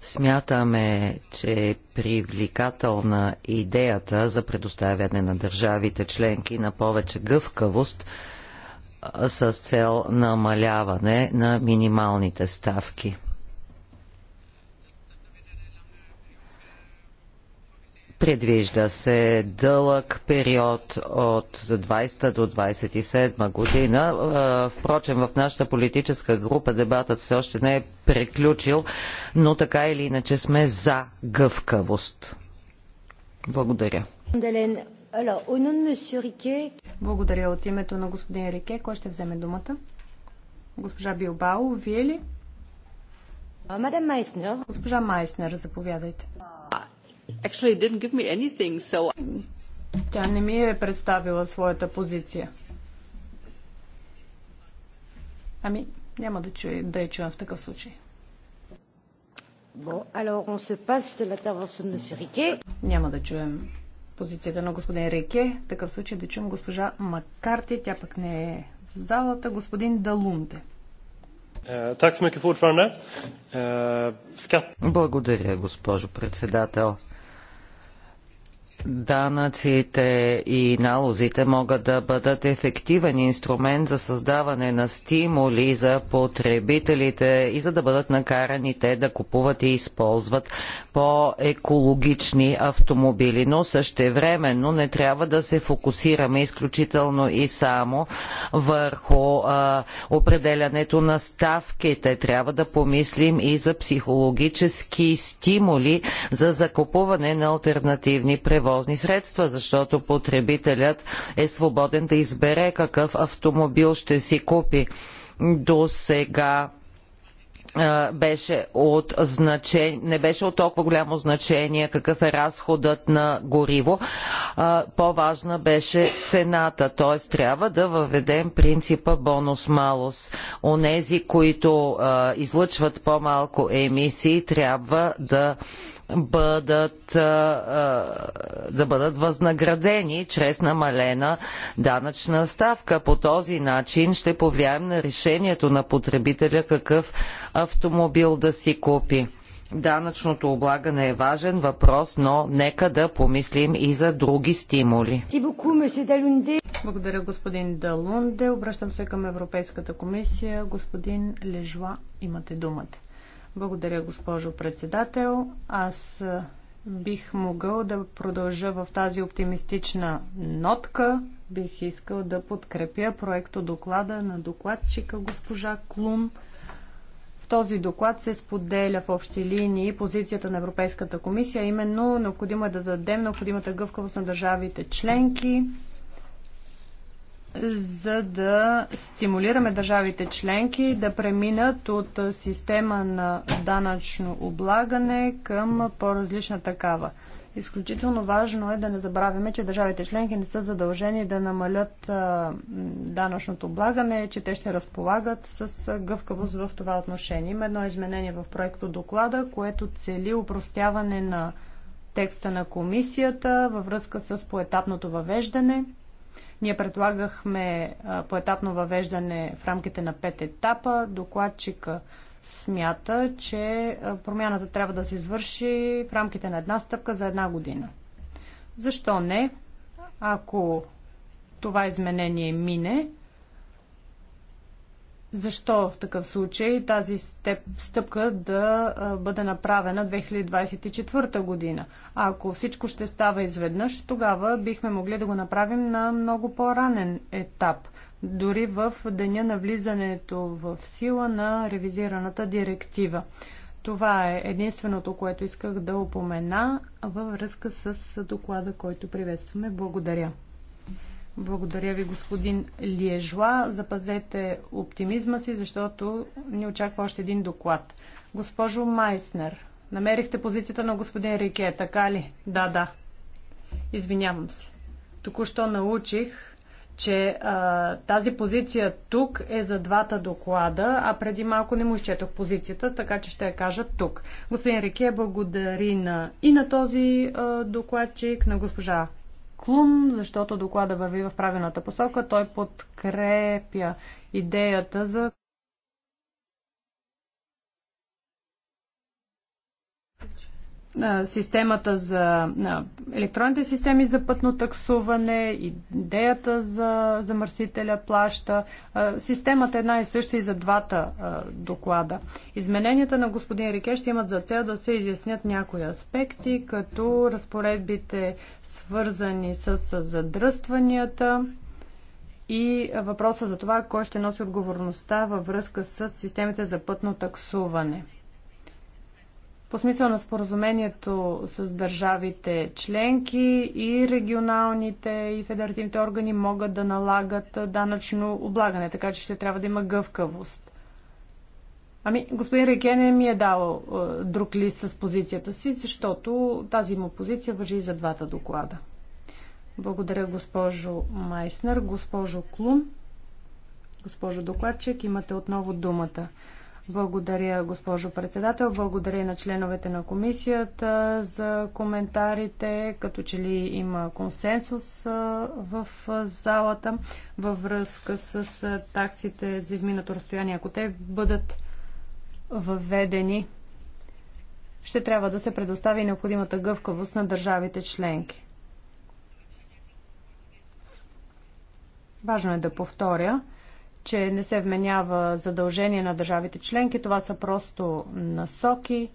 Смятаме, че е привлекателна идеята за предоставяне на държавите членки на повече гъвкавост с цел намаляване на минималните ставки. Предвижда се дълъг период от 20 до 27 година. Впрочем, в нашата политическа група дебатът все още не е приключил, но така или иначе сме за гъвкавост. Благодаря. Благодаря от името на господин Рике. Кой ще вземе думата? Госпожа Билбао, вие ли? Мадам Майснер. Госпожа Майснер, заповядайте actually didn't give me anything, so... Тя не ми е представила своята позиция. Ами, няма да, чуя, да я чуя в такъв случай. Bon, alors on se passe de l'intervention de M. Riquet. Няма да чуем позицията на господин Реке. В такъв случай да чуем госпожа Маккарти. Тя пък не е в залата. Господин Далунте. Е, е, Благодаря, госпожо председател. Данъците и налозите могат да бъдат ефективен инструмент за създаване на стимули за потребителите и за да бъдат накарани те да купуват и използват по-екологични автомобили. Но същевременно не трябва да се фокусираме изключително и само върху а, определянето на ставките. Трябва да помислим и за психологически стимули за закупуване на альтернативни превози превозни средства, защото потребителят е свободен да избере какъв автомобил ще си купи. До сега беше от значение, не беше от толкова голямо значение какъв е разходът на гориво. По-важна беше цената, т.е. трябва да въведем принципа бонус-малус. Онези, които излъчват по-малко емисии, трябва да бъдат, да бъдат възнаградени чрез намалена данъчна ставка. По този начин ще повлияем на решението на потребителя какъв автомобил да си купи. Данъчното облагане е важен въпрос, но нека да помислим и за други стимули. Благодаря, господин Далунде. Обръщам се към Европейската комисия. Господин Лежуа, имате думата. Благодаря, госпожо председател. Аз бих могъл да продължа в тази оптимистична нотка. Бих искал да подкрепя проекто доклада на докладчика госпожа Клун. В този доклад се споделя в общи линии позицията на Европейската комисия, именно необходимо е да дадем необходимата гъвкавост на държавите членки, за да стимулираме държавите членки да преминат от система на данъчно облагане към по-различна такава. Изключително важно е да не забравяме, че държавите членки не са задължени да намалят данъчното облагане, че те ще разполагат с гъвкавост в това отношение. Има едно изменение в проекто доклада, което цели упростяване на текста на комисията във връзка с поетапното въвеждане – ние предлагахме поетапно въвеждане в рамките на пет етапа. Докладчика смята, че промяната трябва да се извърши в рамките на една стъпка за една година. Защо не? Ако това изменение мине, защо в такъв случай тази степ, стъпка да бъде направена 2024 година? А ако всичко ще става изведнъж, тогава бихме могли да го направим на много по-ранен етап, дори в деня на влизането в сила на ревизираната директива. Това е единственото, което исках да опомена във връзка с доклада, който приветстваме. Благодаря. Благодаря ви, господин Лиежуа. Запазете оптимизма си, защото ни очаква още един доклад. Госпожо Майснер, намерихте позицията на господин Рике, така ли? Да, да. Извинявам се. Току-що научих, че а, тази позиция тук е за двата доклада, а преди малко не му изчетох позицията, така че ще я кажа тук. Господин Рике благодари на, и на този а, докладчик, на госпожа клун, защото доклада върви в правилната посока. Той подкрепя идеята за системата за електронните системи за пътно таксуване, идеята за замърсителя плаща. Системата е една и съща и за двата доклада. Измененията на господин Рике ще имат за цел да се изяснят някои аспекти, като разпоредбите свързани с задръстванията, и въпроса за това кой ще носи отговорността във връзка с системите за пътно таксуване по смисъл на споразумението с държавите членки и регионалните и федеративните органи могат да налагат данъчно облагане, така че ще трябва да има гъвкавост. Ами, господин Реке не ми е дал е, друг лист с позицията си, защото тази му позиция въжи и за двата доклада. Благодаря, госпожо Майснер, госпожо Клун, госпожо докладчик, имате отново думата. Благодаря, госпожо председател. Благодаря на членовете на комисията за коментарите, като че ли има консенсус в залата във връзка с таксите за изминато разстояние. Ако те бъдат въведени, ще трябва да се предостави необходимата гъвкавост на държавите членки. Важно е да повторя, че не се вменява задължение на държавите членки. Това са просто насоки.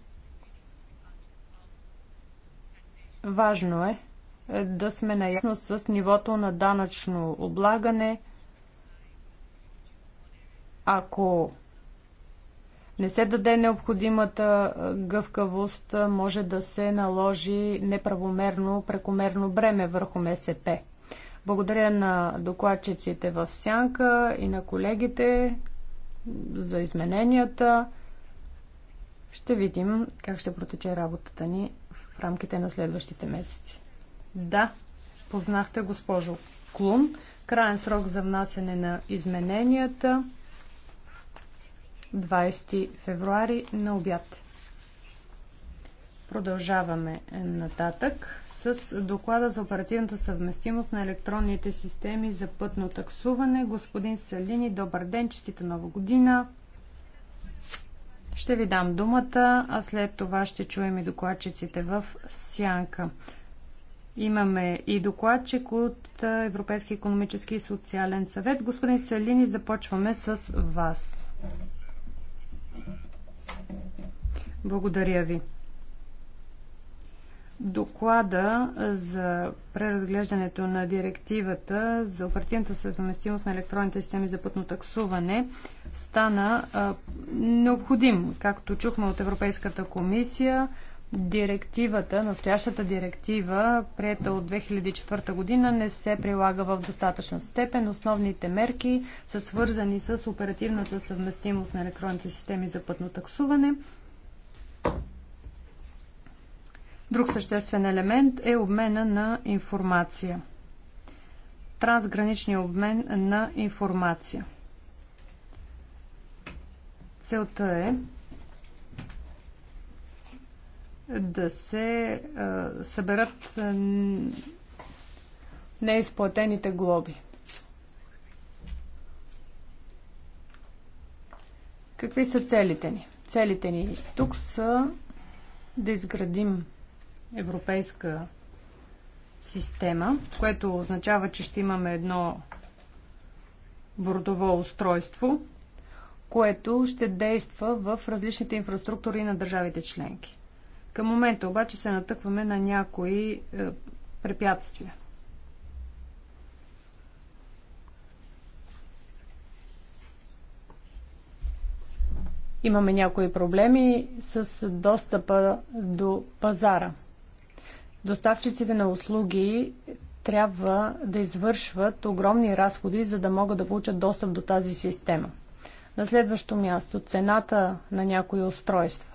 Важно е, е да сме наясно с нивото на данъчно облагане. Ако не се даде необходимата е, гъвкавост, е, може да се наложи неправомерно, прекомерно бреме върху МСП. Благодаря на докладчиците в Сянка и на колегите за измененията. Ще видим как ще протече работата ни в рамките на следващите месеци. Да, познахте госпожо Клун. Краен срок за внасяне на измененията 20 февруари на обяд. Продължаваме нататък с доклада за оперативната съвместимост на електронните системи за пътно таксуване. Господин Салини, добър ден, честита нова година. Ще ви дам думата, а след това ще чуем и докладчиците в сянка. Имаме и докладчик от Европейски економически и социален съвет. Господин Салини, започваме с вас. Благодаря ви доклада за преразглеждането на директивата за оперативната съвместимост на електронните системи за пътно таксуване стана а, необходим. Както чухме от Европейската комисия, директивата, настоящата директива, приета от 2004 година, не се прилага в достатъчна степен. Основните мерки са свързани с оперативната съвместимост на електронните системи за пътно таксуване Друг съществен елемент е обмена на информация. Трансграничния обмен на информация. Целта е да се а, съберат а, неизплатените глоби. Какви са целите ни? Целите ни тук са да изградим европейска система, което означава, че ще имаме едно бордово устройство, което ще действа в различните инфраструктури на държавите членки. Към момента обаче се натъкваме на някои е, препятствия. Имаме някои проблеми с достъпа до пазара доставчиците на услуги трябва да извършват огромни разходи, за да могат да получат достъп до тази система. На следващо място цената на някои устройства.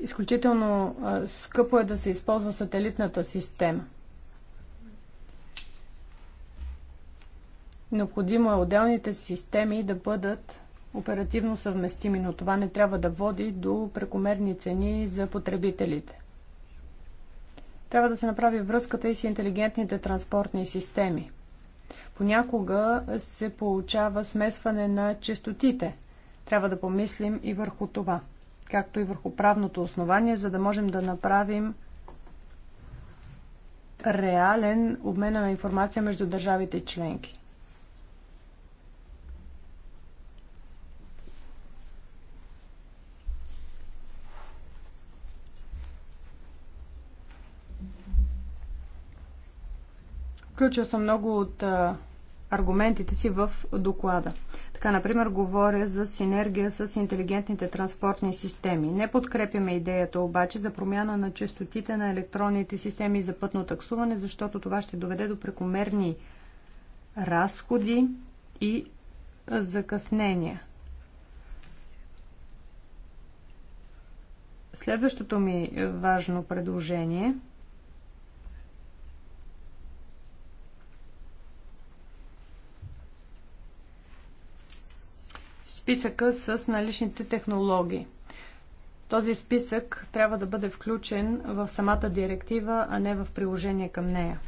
Изключително скъпо е да се използва сателитната система – Необходимо е отделните системи да бъдат оперативно съвместими, но това не трябва да води до прекомерни цени за потребителите. Трябва да се направи връзката и с интелигентните транспортни системи. Понякога се получава смесване на частотите. Трябва да помислим и върху това, както и върху правното основание, за да можем да направим реален обмена на информация между държавите и членки. Включил съм много от аргументите си в доклада. Така, например, говоря за синергия с интелигентните транспортни системи. Не подкрепяме идеята обаче за промяна на частотите на електронните системи за пътно таксуване, защото това ще доведе до прекомерни разходи и закъснения. Следващото ми важно предложение – списъка с наличните технологии. Този списък трябва да бъде включен в самата директива, а не в приложение към нея.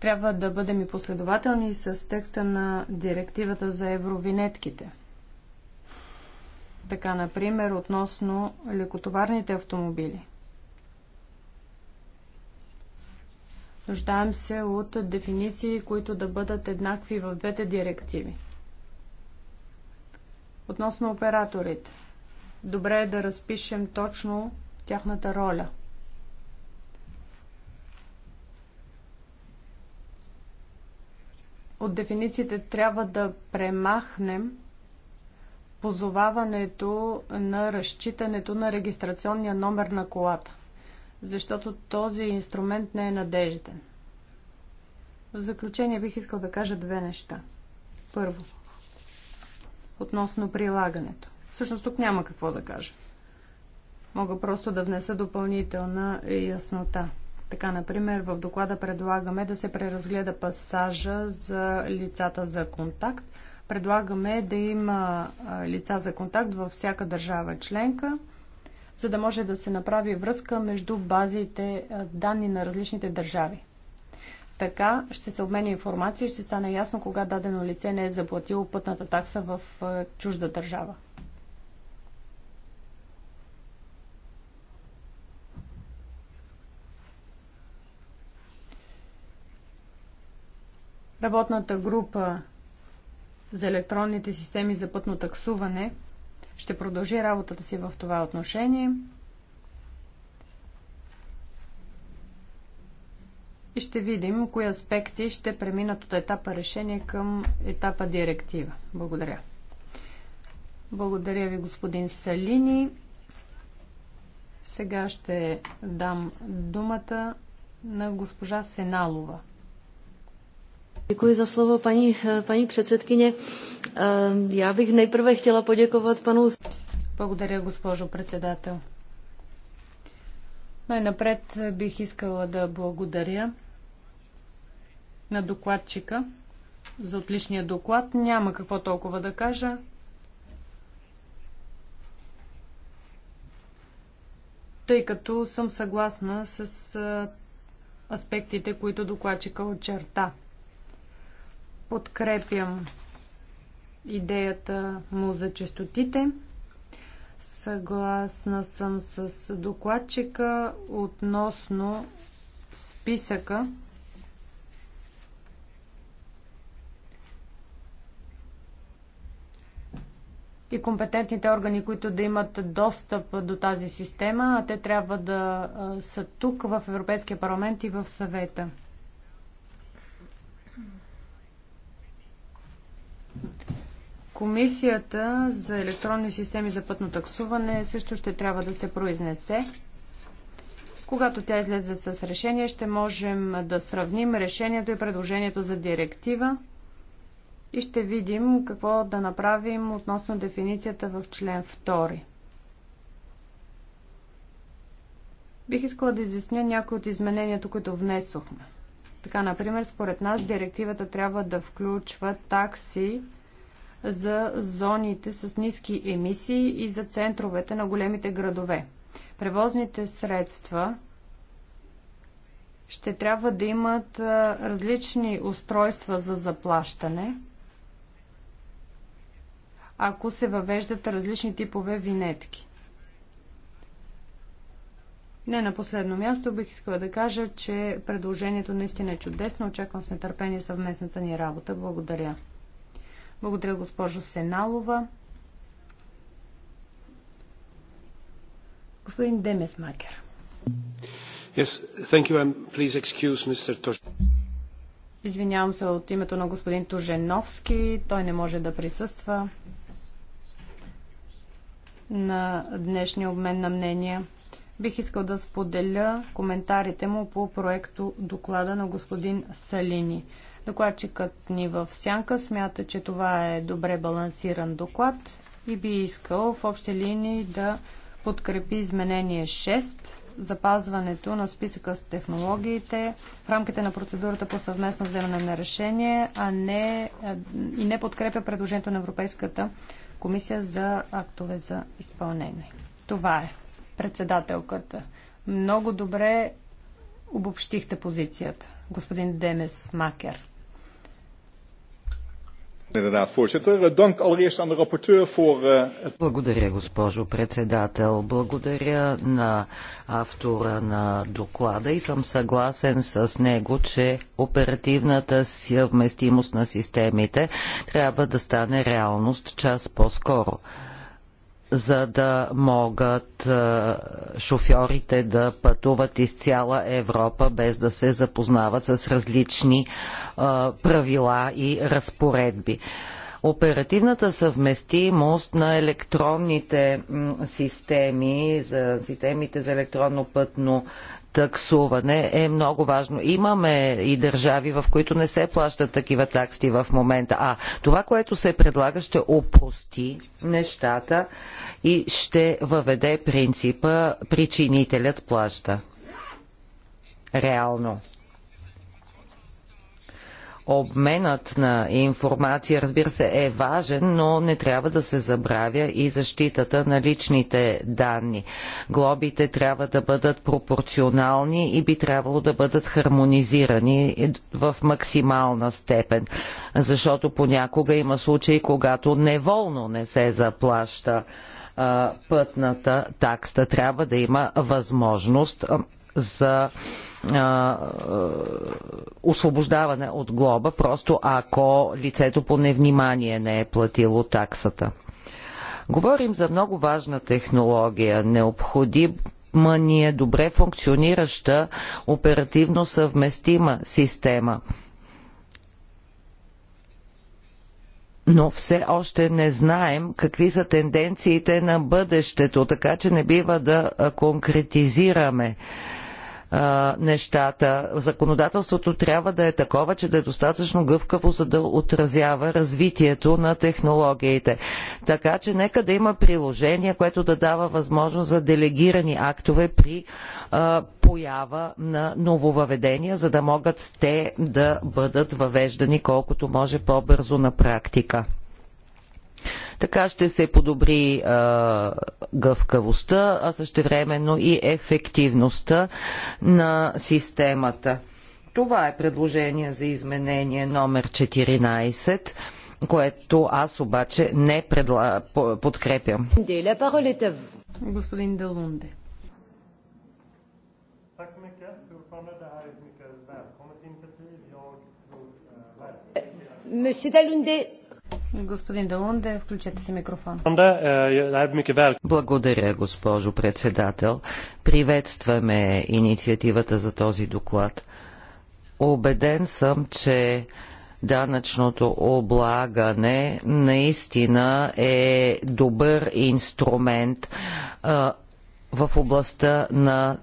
трябва да бъдем и последователни с текста на директивата за евровинетките. Така, например, относно лекотоварните автомобили. Нуждаем се от дефиниции, които да бъдат еднакви в двете директиви. Относно операторите, добре е да разпишем точно тяхната роля. От дефинициите трябва да премахнем позоваването на разчитането на регистрационния номер на колата, защото този инструмент не е надежден. В заключение бих искал да кажа две неща. Първо, относно прилагането. Всъщност тук няма какво да кажа. Мога просто да внеса допълнителна яснота. Така, например, в доклада предлагаме да се преразгледа пасажа за лицата за контакт – предлагаме да има лица за контакт във всяка държава членка, за да може да се направи връзка между базите данни на различните държави. Така ще се обменя информация и ще стане ясно кога дадено лице не е заплатило пътната такса в чужда държава. Работната група за електронните системи за пътно таксуване ще продължи работата си в това отношение и ще видим кои аспекти ще преминат от етапа решение към етапа директива. Благодаря. Благодаря ви, господин Салини. Сега ще дам думата на госпожа Сеналова. Děkuji za slovo, paní, paní předsedkyně. Eh, já bych nejprve chtěla poděkovat panu... Благодаря, госпожо председател. Най-напред бих искала да благодаря на докладчика за отличния доклад. Няма какво толкова да кажа. Тъй като съм съгласна с аспектите, които докладчика очерта. Подкрепям идеята му за честотите. Съгласна съм с докладчика относно списъка. И компетентните органи, които да имат достъп до тази система, а те трябва да са тук в Европейския парламент и в съвета. Комисията за електронни системи за пътно таксуване също ще трябва да се произнесе. Когато тя излезе с решение, ще можем да сравним решението и предложението за директива и ще видим какво да направим относно дефиницията в член 2. Бих искала да изясня някои от измененията, които внесохме. Така, например, според нас директивата трябва да включва такси, за зоните с ниски емисии и за центровете на големите градове. Превозните средства ще трябва да имат различни устройства за заплащане, ако се въвеждат различни типове винетки. Не на последно място бих искала да кажа, че предложението наистина е чудесно. Очаквам с нетърпение съвместната ни работа. Благодаря. Благодаря, госпожо Сеналова. Господин Демес Макер. Yes, thank you, please excuse Mr. Извинявам се от името на господин Тоженовски. Той не може да присъства на днешния обмен на мнения. Бих искал да споделя коментарите му по проекто доклада на господин Салини. Докладчикът ни в Сянка смята, че това е добре балансиран доклад и би искал в общи линии да подкрепи изменение 6 запазването на списъка с технологиите в рамките на процедурата по съвместно вземане на решение, а не и не подкрепя предложението на Европейската комисия за актове за изпълнение. Това е председателката. Много добре обобщихте позицията, господин Демес Макер. Eh, eh, Благодаря, госпожо председател. Благодаря на автора на доклада и съм съгласен с него, че оперативната съвместимост на системите трябва да стане реалност час по-скоро за да могат е, шофьорите да пътуват из цяла Европа без да се запознават с различни е, правила и разпоредби. Оперативната съвместимост на електронните системи, за системите за електронно пътно таксуване е много важно. Имаме и държави, в които не се плащат такива такси в момента. А това, което се предлага, ще опусти нещата и ще въведе принципа причинителят плаща. Реално. Обменът на информация, разбира се, е важен, но не трябва да се забравя и защитата на личните данни. Глобите трябва да бъдат пропорционални и би трябвало да бъдат хармонизирани в максимална степен, защото понякога има случаи, когато неволно не се заплаща пътната такста. Трябва да има възможност за а, освобождаване от глоба, просто ако лицето по невнимание не е платило таксата. Говорим за много важна технология, необходим ни е добре функционираща, оперативно съвместима система. но все още не знаем какви са тенденциите на бъдещето, така че не бива да конкретизираме а, нещата. Законодателството трябва да е такова, че да е достатъчно гъвкаво, за да отразява развитието на технологиите. Така че нека да има приложение, което да дава възможност за делегирани актове при а, поява на нововъведения, за да могат те да бъдат въвеждани колкото може по-бързо на практика. Така ще се подобри а, гъвкавостта, а също времено и ефективността на системата. Това е предложение за изменение номер 14 което аз обаче не предла... подкрепям. Господин Делунде. Eh, eh, Monsieur Dalunde, Господин Далунде, включете си микрофон. Е, е, е, Благодаря, госпожо председател. Приветстваме инициативата за този доклад. Обеден съм, че данъчното облагане наистина е добър инструмент в областта на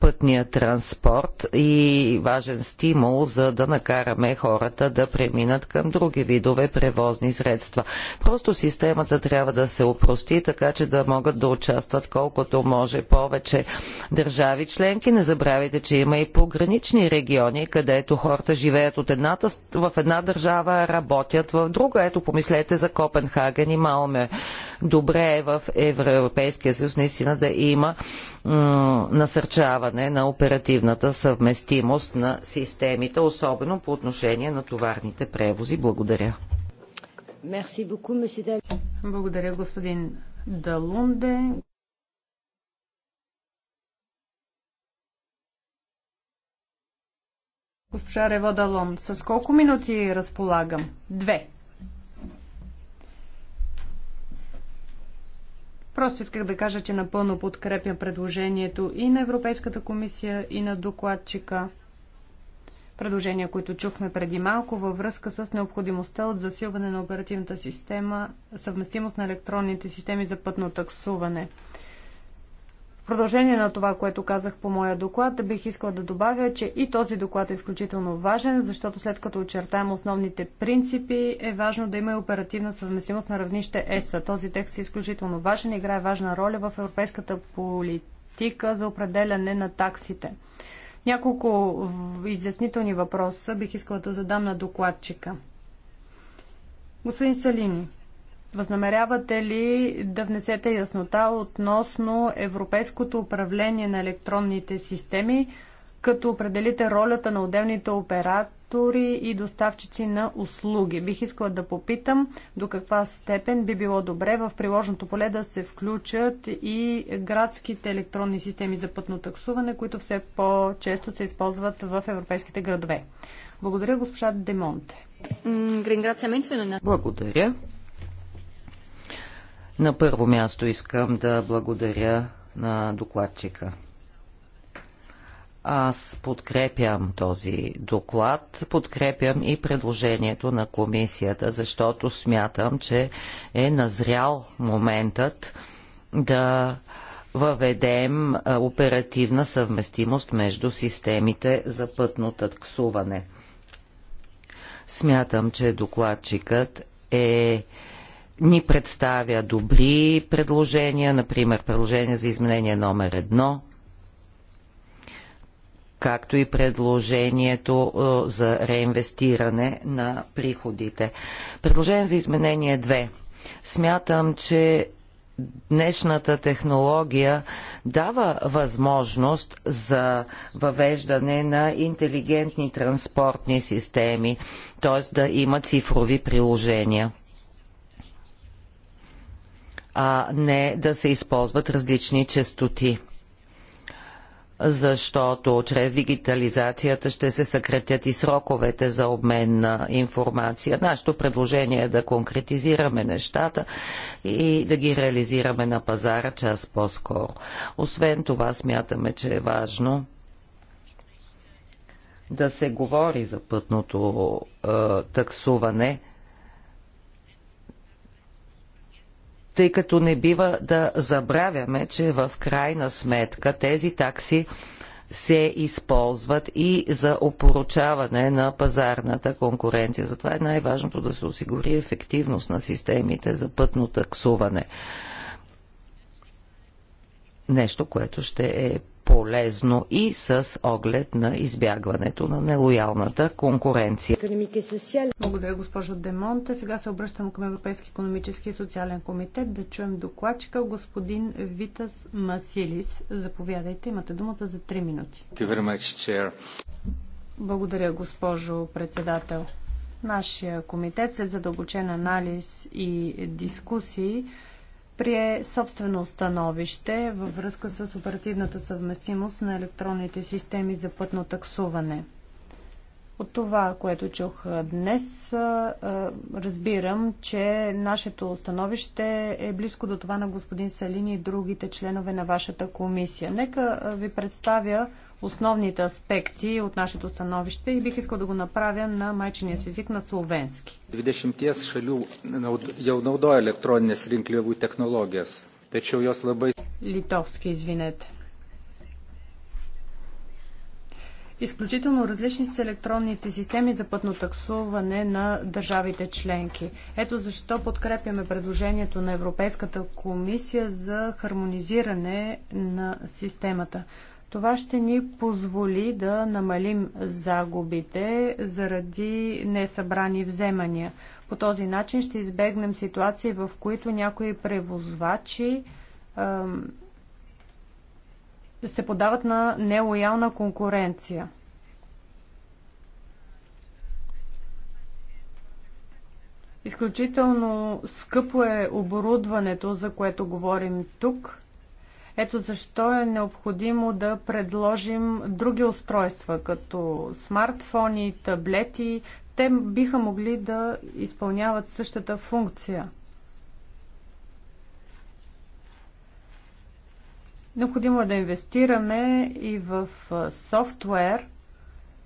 пътния транспорт и важен стимул за да накараме хората да преминат към други видове превозни средства. Просто системата трябва да се опрости, така че да могат да участват колкото може повече държави членки. Не забравяйте, че има и погранични региони, където хората живеят от едната, в една държава, работят в друга. Ето, помислете за Копенхаген и Малме. Добре е в Европейския съюз наистина да има насърчаване насърчаване на оперативната съвместимост на системите, особено по отношение на товарните превози. Благодаря. Благодаря, господин Далунде. Госпожа Рево Далон, с колко минути разполагам? Две. Просто исках да кажа, че напълно подкрепя предложението и на Европейската комисия, и на докладчика. Предложения, които чухме преди малко във връзка с необходимостта от засилване на оперативната система, съвместимост на електронните системи за пътно таксуване – продължение на това, което казах по моя доклад, бих искала да добавя, че и този доклад е изключително важен, защото след като очертаем основните принципи, е важно да има и оперативна съвместимост на равнище ЕСА. Този текст е изключително важен и играе важна роля в европейската политика за определяне на таксите. Няколко изяснителни въпроса бих искала да задам на докладчика. Господин Салини, Възнамерявате ли да внесете яснота относно европейското управление на електронните системи, като определите ролята на отделните оператори и доставчици на услуги? Бих искала да попитам до каква степен би било добре в приложното поле да се включат и градските електронни системи за пътно таксуване, които все по-често се използват в европейските градове. Благодаря, госпожа Демонте. Е Благодаря. На първо място искам да благодаря на докладчика. Аз подкрепям този доклад, подкрепям и предложението на комисията, защото смятам, че е назрял моментът да въведем оперативна съвместимост между системите за пътно таксуване. Смятам, че докладчикът е ни представя добри предложения, например предложение за изменение номер едно, както и предложението е, за реинвестиране на приходите. Предложение за изменение 2. Смятам, че днешната технология дава възможност за въвеждане на интелигентни транспортни системи, т.е. да има цифрови приложения а не да се използват различни частоти защото чрез дигитализацията ще се съкратят и сроковете за обмен на информация. Нашето предложение е да конкретизираме нещата и да ги реализираме на пазара час по-скоро. Освен това смятаме, че е важно да се говори за пътното е, таксуване – тъй като не бива да забравяме, че в крайна сметка тези такси се използват и за опоручаване на пазарната конкуренция. Затова е най-важното да се осигури ефективност на системите за пътно таксуване. Нещо, което ще е полезно и с оглед на избягването на нелоялната конкуренция. Благодаря, госпожо Демонте. Сега се обръщам към Европейски економически и социален комитет да чуем докладчика господин Витас Масилис. Заповядайте, имате думата за 3 минути. Благодаря, госпожо председател. Нашия комитет след задълбочен анализ и дискусии прие собствено становище във връзка с оперативната съвместимост на електронните системи за пътно таксуване. От това, което чух днес, разбирам, че нашето становище е близко до това на господин Салини и другите членове на вашата комисия. Нека ви представя основните аспекти от нашето становище и бих искал да го направя на майчиния си език на словенски. 20 е Литовски, извинете. Изключително различни са електронните системи за пътно таксуване на държавите членки. Ето защо подкрепяме предложението на Европейската комисия за хармонизиране на системата. Това ще ни позволи да намалим загубите заради несъбрани вземания. По този начин ще избегнем ситуации, в които някои превозвачи ем, се подават на нелоялна конкуренция. Изключително скъпо е оборудването, за което говорим тук – ето защо е необходимо да предложим други устройства, като смартфони, таблети. Те биха могли да изпълняват същата функция. Необходимо е да инвестираме и в софтуер,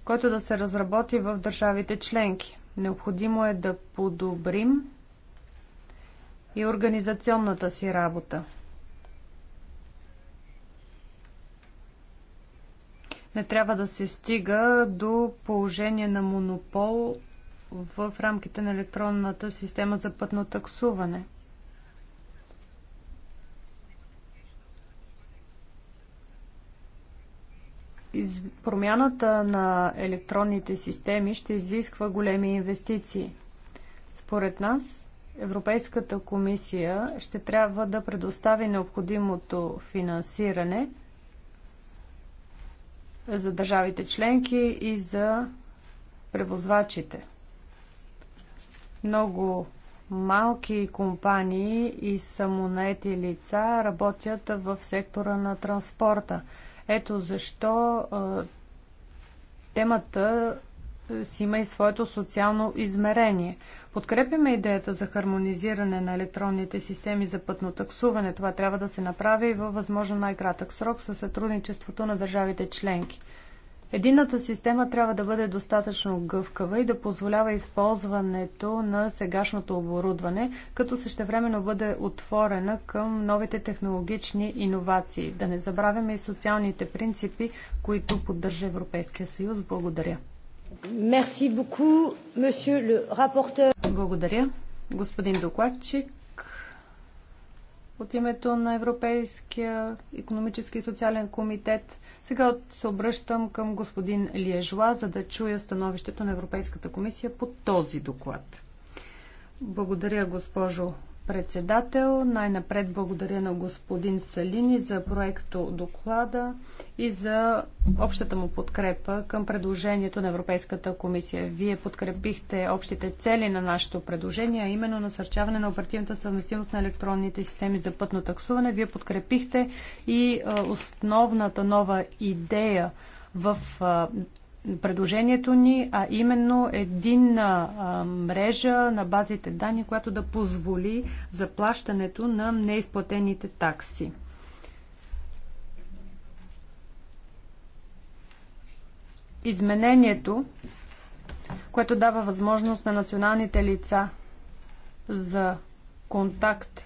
който да се разработи в държавите членки. Необходимо е да подобрим и организационната си работа. не трябва да се стига до положение на монопол в рамките на електронната система за пътно таксуване. Из... Промяната на електронните системи ще изисква големи инвестиции. Според нас, Европейската комисия ще трябва да предостави необходимото финансиране – за държавите членки и за превозвачите. Много малки компании и самонаети лица работят в сектора на транспорта. Ето защо темата е, си има и своето социално измерение. Подкрепяме идеята за хармонизиране на електронните системи за пътно таксуване. Това трябва да се направи и във възможно най-кратък срок със сътрудничеството на държавите членки. Едината система трябва да бъде достатъчно гъвкава и да позволява използването на сегашното оборудване, като същевременно бъде отворена към новите технологични иновации. Да не забравяме и социалните принципи, които поддържа Европейския съюз. Благодаря. Merci beaucoup, monsieur le rapporteur. Благодаря. Господин докладчик, от името на Европейския економически и социален комитет, сега се обръщам към господин Лиежуа, за да чуя становището на Европейската комисия по този доклад. Благодаря, госпожо председател. Най-напред благодаря на господин Салини за проекто доклада и за общата му подкрепа към предложението на Европейската комисия. Вие подкрепихте общите цели на нашето предложение, а именно насърчаване на оперативната съвместимост на електронните системи за пътно таксуване. Вие подкрепихте и основната нова идея в предложението ни, а именно единна мрежа на базите данни, която да позволи заплащането на неизплатените такси. Изменението, което дава възможност на националните лица за контакт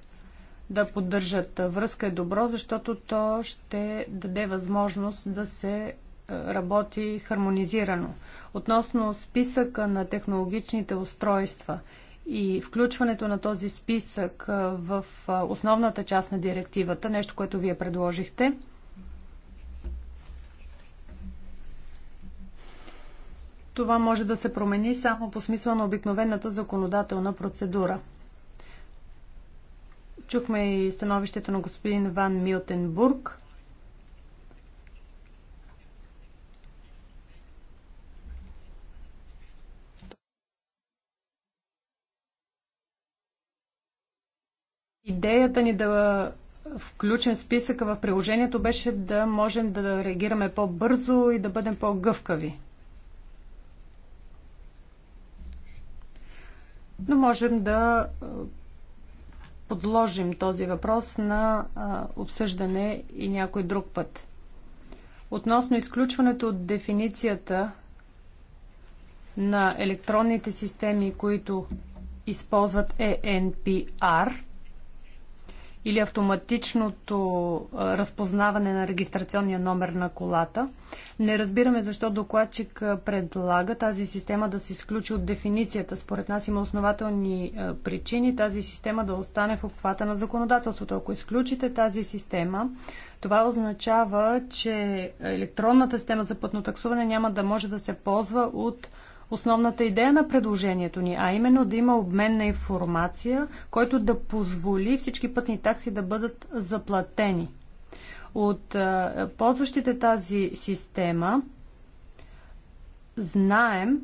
да поддържат връзка е добро, защото то ще даде възможност да се работи хармонизирано. Относно списъка на технологичните устройства и включването на този списък в основната част на директивата, нещо, което вие предложихте, това може да се промени само по смисъл на обикновената законодателна процедура. Чухме и становището на господин Ван Милтенбург – Идеята ни да включен списъка в приложението беше да можем да реагираме по-бързо и да бъдем по-гъвкави. Но можем да подложим този въпрос на обсъждане и някой друг път. Относно изключването от дефиницията на електронните системи, които използват ENPR – или автоматичното разпознаване на регистрационния номер на колата. Не разбираме защо докладчик предлага тази система да се изключи от дефиницията. Според нас има основателни причини тази система да остане в обхвата на законодателството. Ако изключите тази система, това означава, че електронната система за пътно таксуване няма да може да се ползва от основната идея на предложението ни, а именно да има обмен на информация, който да позволи всички пътни такси да бъдат заплатени. От а, ползващите тази система знаем,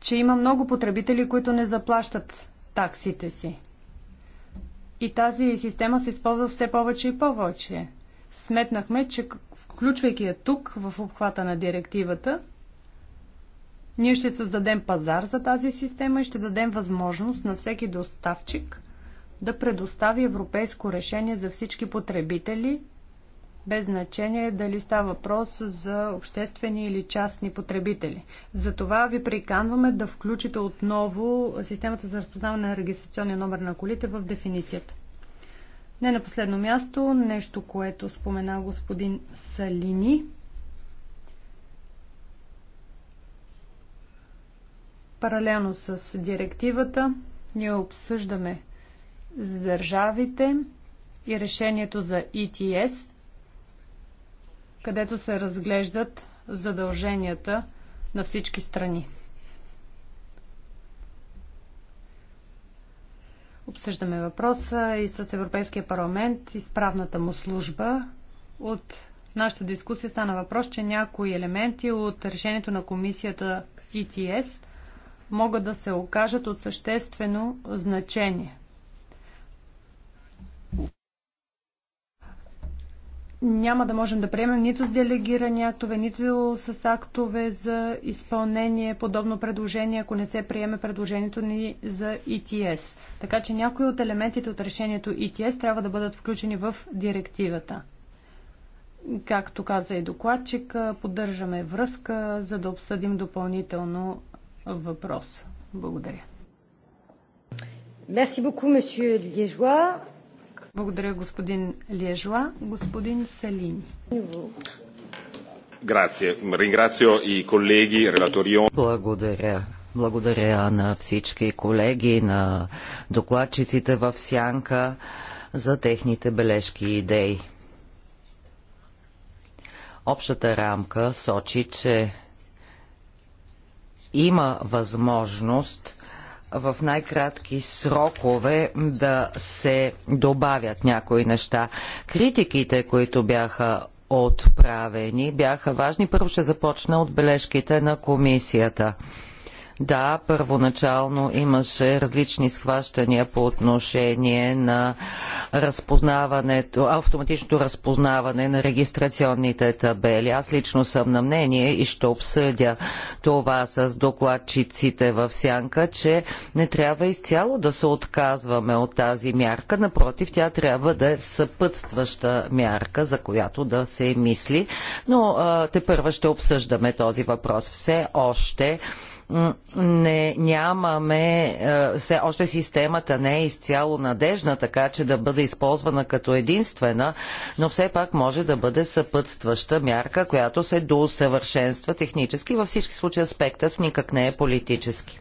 че има много потребители, които не заплащат таксите си. И тази система се използва все повече и повече. Сметнахме, че включвайки я тук в обхвата на директивата, ние ще създадем пазар за тази система и ще дадем възможност на всеки доставчик да предостави европейско решение за всички потребители, без значение дали става въпрос за обществени или частни потребители. Затова ви приканваме да включите отново системата за разпознаване на регистрационния номер на колите в дефиницията. Не на последно място, нещо, което спомена господин Салини – Паралелно с директивата ние обсъждаме с държавите и решението за ETS, където се разглеждат задълженията на всички страни. Обсъждаме въпроса и с Европейския парламент и с правната му служба. От нашата дискусия стана въпрос, че някои елементи от решението на комисията ETS – могат да се окажат от съществено значение. Няма да можем да приемем нито с делегирани актове, нито с актове за изпълнение подобно предложение, ако не се приеме предложението ни за ETS. Така че някои от елементите от решението ETS трябва да бъдат включени в директивата както каза и докладчик, поддържаме връзка, за да обсъдим допълнително въпрос. Благодаря. Merci beaucoup, monsieur Liégeois. Благодаря, господин Лежуа. Господин Салини. и колеги, Благодаря. Благодаря на всички колеги, на докладчиците в Сянка за техните бележки и идеи. Общата рамка сочи, че има възможност в най-кратки срокове да се добавят някои неща. Критиките, които бяха отправени, бяха важни. Първо ще започна от бележките на комисията. Да, първоначално имаше различни схващания по отношение на разпознаването, автоматичното разпознаване на регистрационните табели. Аз лично съм на мнение и ще обсъдя това с докладчиците в Сянка, че не трябва изцяло да се отказваме от тази мярка. Напротив, тя трябва да е съпътстваща мярка, за която да се мисли. Но те първа ще обсъждаме този въпрос. Все още не нямаме, е, все още системата не е изцяло надежна, така че да бъде използвана като единствена, но все пак може да бъде съпътстваща мярка, която се доусъвършенства технически. Във всички случаи аспектът никак не е политически.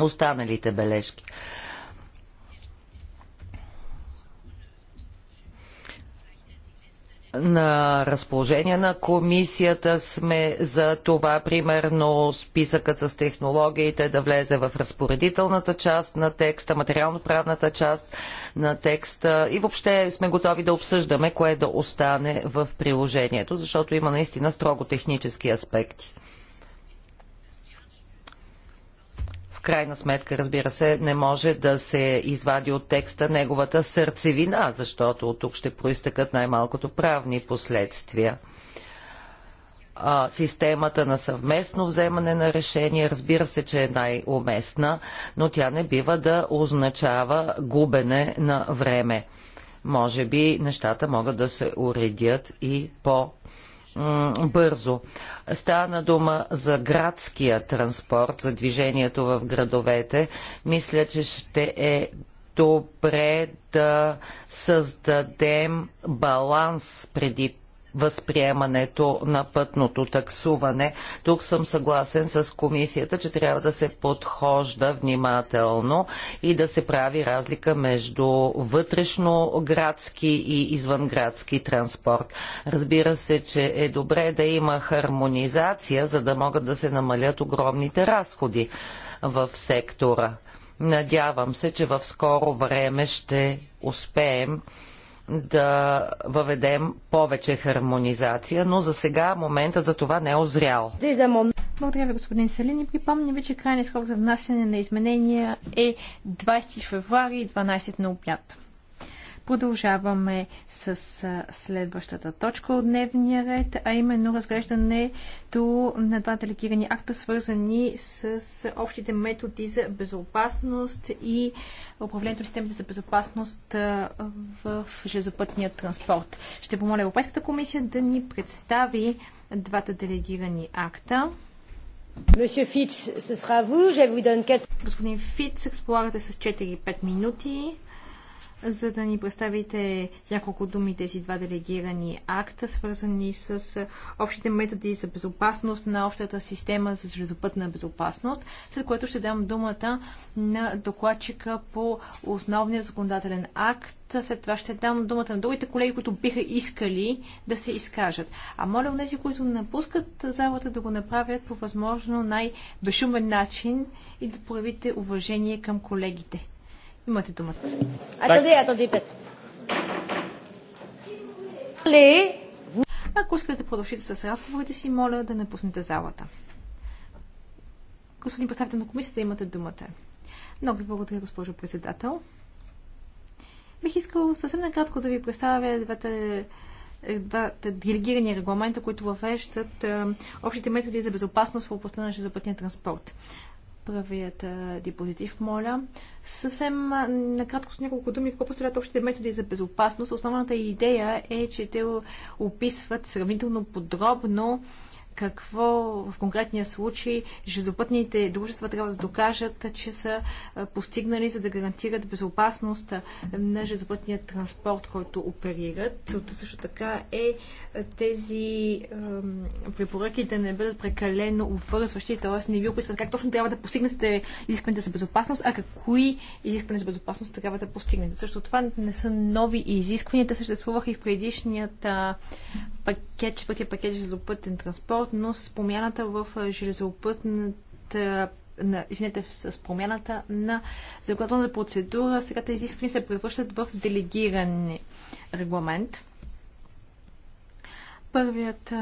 Останалите бележки. на разположение на комисията сме за това, примерно, списъкът с технологиите да влезе в разпоредителната част на текста, материално-правната част на текста и въобще сме готови да обсъждаме кое да остане в приложението, защото има наистина строго технически аспекти. крайна сметка, разбира се, не може да се извади от текста неговата сърцевина, защото от тук ще проистъкат най-малкото правни последствия а, системата на съвместно вземане на решение, разбира се, че е най-уместна, но тя не бива да означава губене на време. Може би нещата могат да се уредят и по- бързо. Стана дума за градския транспорт, за движението в градовете. Мисля, че ще е добре да създадем баланс преди възприемането на пътното таксуване. Тук съм съгласен с комисията, че трябва да се подхожда внимателно и да се прави разлика между вътрешно градски и извънградски транспорт. Разбира се, че е добре да има хармонизация, за да могат да се намалят огромните разходи в сектора. Надявам се, че в скоро време ще успеем да въведем повече хармонизация, но за сега моментът за това не е озрял. Благодаря ви, господин Селин. И припомня ви, че крайният срок за внасяне на изменения е 20 февруари 12 на обяд. Продължаваме с следващата точка от дневния ред, а именно разглеждането на два делегирани акта, свързани с общите методи за безопасност и управлението на системите за безопасност в железопътния транспорт. Ще помоля Европейската комисия да ни представи двата делегирани акта. Фитч, vous, quatre... Господин Фиц, разполагате с 4-5 минути за да ни представите с няколко думи тези два делегирани акта, свързани с общите методи за безопасност на общата система за железопътна безопасност, след което ще дам думата на докладчика по основния законодателен акт. След това ще дам думата на другите колеги, които биха искали да се изкажат. А моля от тези, които напускат залата, да го направят по възможно най-безшумен начин и да проявите уважение към колегите. Имате думата. А къде я е то Ако искате да продължите с разговорите си, моля да напуснете залата. Господин представител на комисията, имате думата. Много ви благодаря, госпожо председател. Бих искал съвсем накратко да ви представя двете двата делегирани регламента, които въвеждат общите методи за безопасност в областта на железопътния транспорт първият диапозитив, моля. Съвсем накратко с няколко думи, какво представляват общите методи за безопасност. Основната идея е, че те описват сравнително подробно какво в конкретния случай железопътните дружества трябва да докажат, че са постигнали, за да гарантират безопасност на железопътния транспорт, който оперират. Целта също така е тези препоръки да не бъдат прекалено обвързващи, т.е. не ви описват как точно трябва да постигнете изискването за безопасност, а какви изисквания за безопасност трябва да постигнете. Също това не са нови изисквания, те съществуваха и в предишният пакет, четвъртия пакет железопътен транспорт, но с промяната в железопътната на, извинете, с промяната на законодателната процедура, сега тези изисквания се превръщат в делегиран регламент. Първият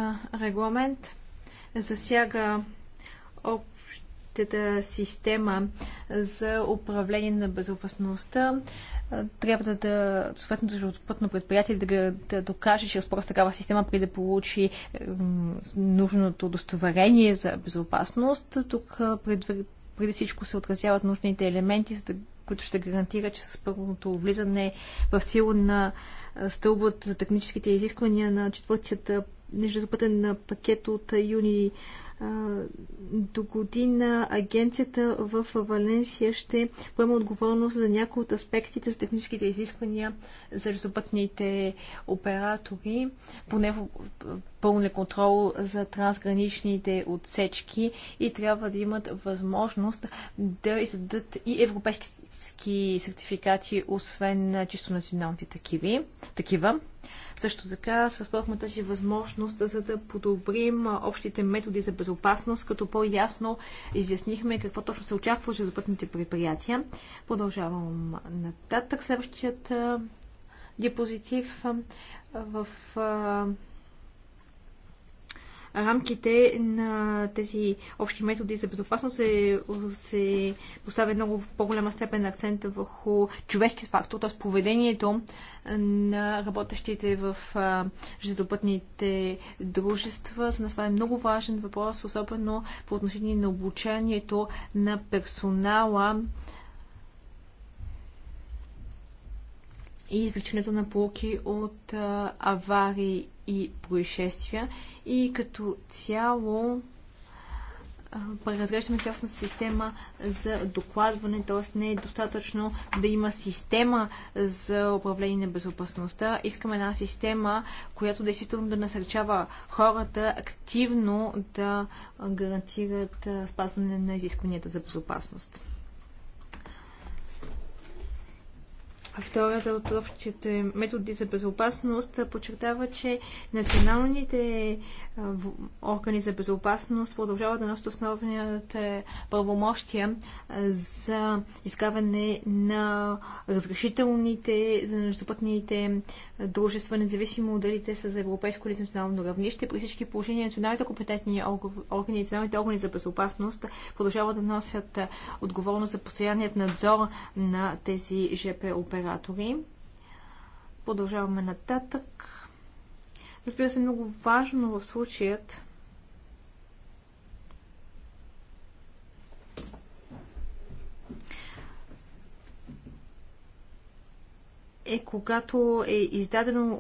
регламент засяга общата система за управление на безопасността трябва да, да съответното железопътно предприятие да, да докаже чрез просто такава система, преди да получи е, нужното удостоверение за безопасност. Тук преди, преди всичко се отразяват нужните елементи, за да, които ще гарантира, че с първото влизане в сила на стълбът за техническите изисквания на четвъртият железопътен пакет от юни до година агенцията в Валенсия ще поема отговорност за някои от аспектите за техническите изисквания за резопътните оператори, поне в, пълен контрол за трансграничните отсечки и трябва да имат възможност да издадат и европейски сертификати, освен чисто националните такиви, такива. Също така се тази възможност, за да подобрим общите методи за безопасност, като по-ясно изяснихме какво точно се очаква от железопътните предприятия. Продължавам нататък. Следващият диапозитив в рамките на тези общи методи за безопасност се, се поставя много в по-голяма степен акцент върху човешки фактор, т.е. поведението на работещите в железопътните дружества. За нас това е много важен въпрос, особено по отношение на обучението на персонала и извлечението на полки от а, аварии и происшествия и като цяло преразглеждаме цялостната система за докладване, т.е. не е достатъчно да има система за управление на безопасността. Искаме една система, която действително да насърчава хората активно да гарантират спазване на изискванията за безопасност. Втората от общите методи за безопасност подчертава, че националните органи за безопасност продължават да носят основните правомощия за изкарване на разрешителните за междупътните дружества, независимо дали те са за европейско или национално равнище. При всички положения националните компетентни органи националните органи за безопасност продължават да носят отговорност за постоянният надзор на тези ЖП оператори. Продължаваме нататък. Разбира се, много важно в случаят е когато е издадено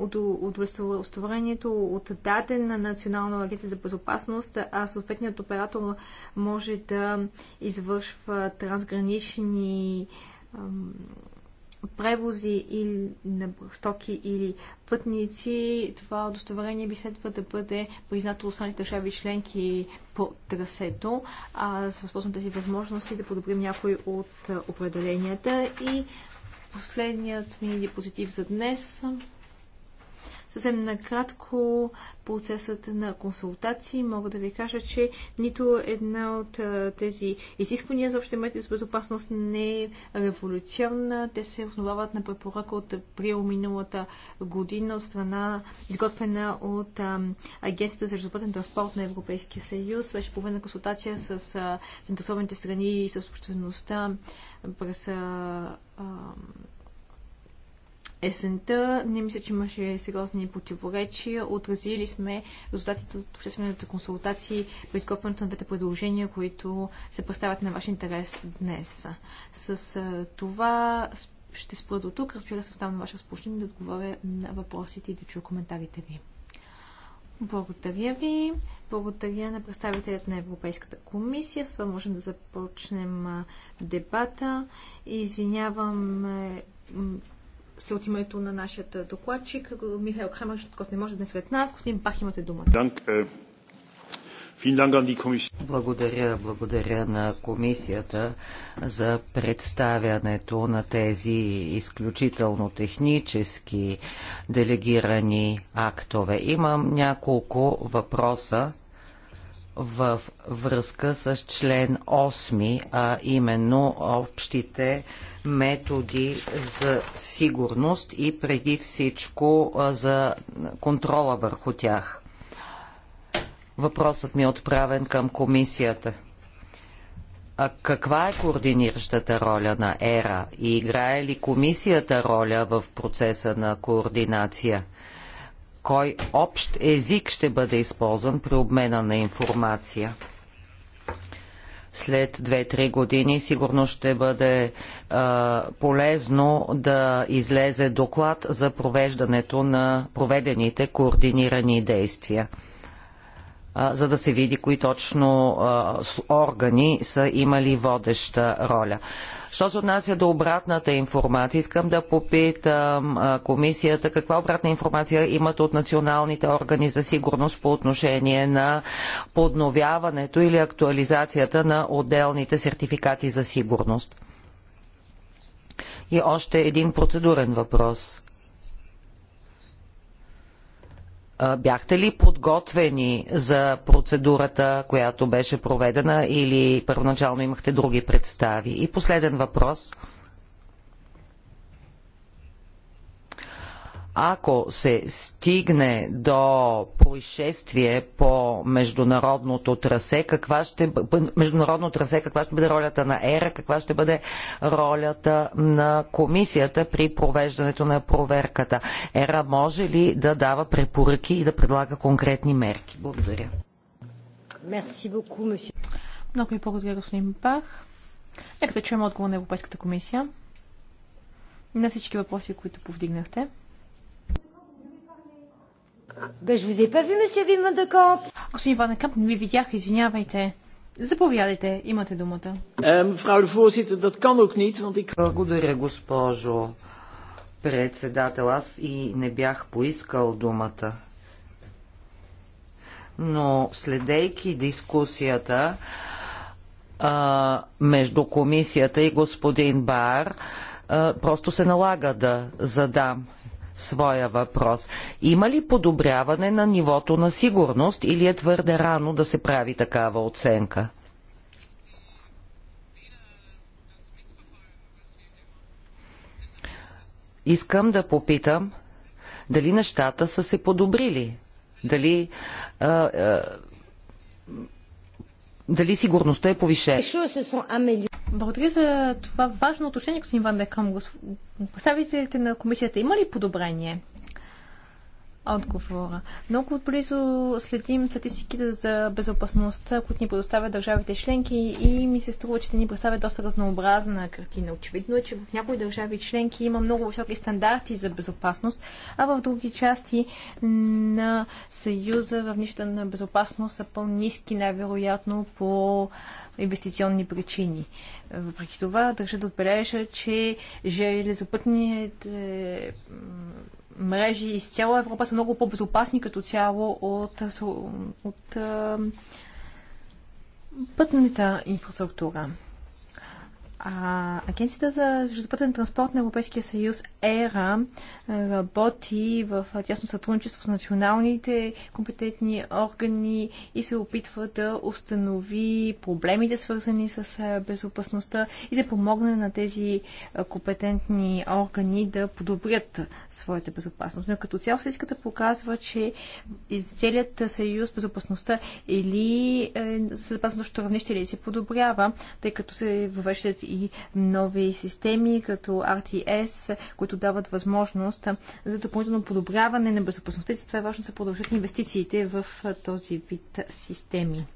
удостоверението от дадена национална агенция за безопасност, а съответният оператор може да извършва трансгранични превози или на стоки или пътници, това удостоверение би следва да бъде признато от останалите държави членки по трасето, а да се възползвам тези възможности да подобрим някои от определенията. И последният ми диапозитив за днес Съвсем накратко процесът на консултации мога да ви кажа, че нито една от тези изисквания за общите мерки за безопасност не е революционна. Те се основават на препоръка от април миналата година от страна, изготвена от Агенцията за безопасен транспорт на Европейския съюз. Беше проведена консултация с заинтересованите страни и с обществеността през есента. Не мисля, че имаше сериозни противоречия. Отразили сме резултатите от обществените консултации по изкопването на двете предложения, които се представят на ваш интерес днес. С това ще спра до тук. Разбира се, оставам на ваше разположение да отговоря на въпросите и да чуя коментарите ви. Благодаря ви. Благодаря на представителят на Европейската комисия. С това можем да започнем дебата. Извинявам се от името на нашия докладчик Михаил Кремър, който не може днес след нас. Господин Бах, имате думата. Е, благодаря, благодаря на комисията за представянето на тези изключително технически делегирани актове. Имам няколко въпроса в връзка с член 8, а именно общите методи за сигурност и преди всичко за контрола върху тях. Въпросът ми е отправен към комисията. А каква е координиращата роля на ЕРА и играе ли комисията роля в процеса на координация? кой общ език ще бъде използван при обмена на информация. След 2-3 години сигурно ще бъде а, е, полезно да излезе доклад за провеждането на проведените координирани действия за да се види кои точно органи са имали водеща роля. Що се отнася до обратната информация, искам да попитам комисията каква обратна информация имат от националните органи за сигурност по отношение на подновяването или актуализацията на отделните сертификати за сигурност. И още един процедурен въпрос. Бяхте ли подготвени за процедурата, която беше проведена или първоначално имахте други представи? И последен въпрос – ако се стигне до происшествие по международното трасе, каква ще, международно трасе, каква ще бъде ролята на ЕРА, каква ще бъде ролята на комисията при провеждането на проверката. ЕРА може ли да дава препоръки и да предлага конкретни мерки? Благодаря. Много ви благодаря, господин Бах. Нека да чуем отговор на Европейската комисия на всички въпроси, които повдигнахте. Бе, je vous ai pas vu, monsieur Вима де Камп. Господин Ван Камп, не ви видях, извинявайте. Заповядайте, имате думата. Е, мевrouw de voorzitter, dat kan ook niet, want ik... Благодаря, госпожо председател. Аз и не бях поискал думата. Но следейки дискусията а, между комисията и господин Бар, а, просто се налага да задам своя въпрос. Има ли подобряване на нивото на сигурност или е твърде рано да се прави такава оценка? Искам да попитам дали нещата са се подобрили. Дали а, дали сигурността е повишена. Благодаря за това важно отношение, господин Ван Декам. Представителите на комисията има ли подобрение? отговора. Много отблизо следим статистиките за безопасността, които ни предоставят държавите членки и ми се струва, че те ни представят доста разнообразна картина. Очевидно е, че в някои държави членки има много високи стандарти за безопасност, а в други части на Съюза равнищата на безопасност са по-низки, най-вероятно по инвестиционни причини. Въпреки това, държа да отбележа, че железопътният е, мрежи из цяла Европа са много по-безопасни като цяло от, от, от пътната инфраструктура. А, Агенцията за железопътен транспорт на Европейския съюз ЕРА работи в тясно сътрудничество с националните компетентни органи и се опитва да установи проблемите, свързани с безопасността и да помогне на тези компетентни органи да подобрят своята безопасност. Но като цяло всичката показва, че из целият съюз безопасността или е, запазва равнище или се подобрява, тъй като се въвеждат и нови системи, като RTS, които дават възможност за допълнително подобряване на безопасността. Това е важно да се продължат инвестициите в този вид системи.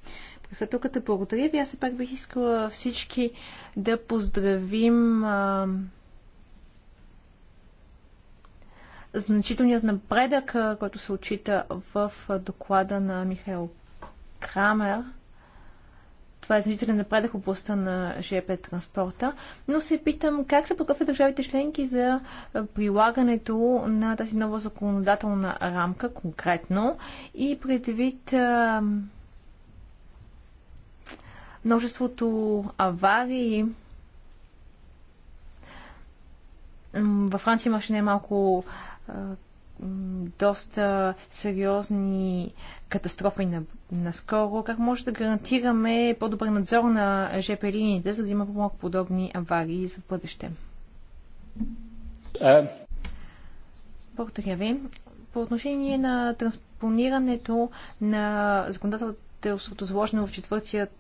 Председателката, благодаря ви. Аз все пак бих искала всички да поздравим значителният напредък, който се очита в доклада на Михаил Крамер – това е значителен напредък в областта на ЖП транспорта, но се питам как се подготвят държавите членки за прилагането на тази нова законодателна рамка конкретно и предвид а, множеството аварии. Във Франция имаше немалко а, доста сериозни а, катастрофа и на, наскоро, как може да гарантираме по-добър надзор на ЖП линиите, за да има по-малко подобни аварии за бъдеще? А... Е. Благодаря ви. По отношение на транспонирането на законодателството, заложено в четвъртият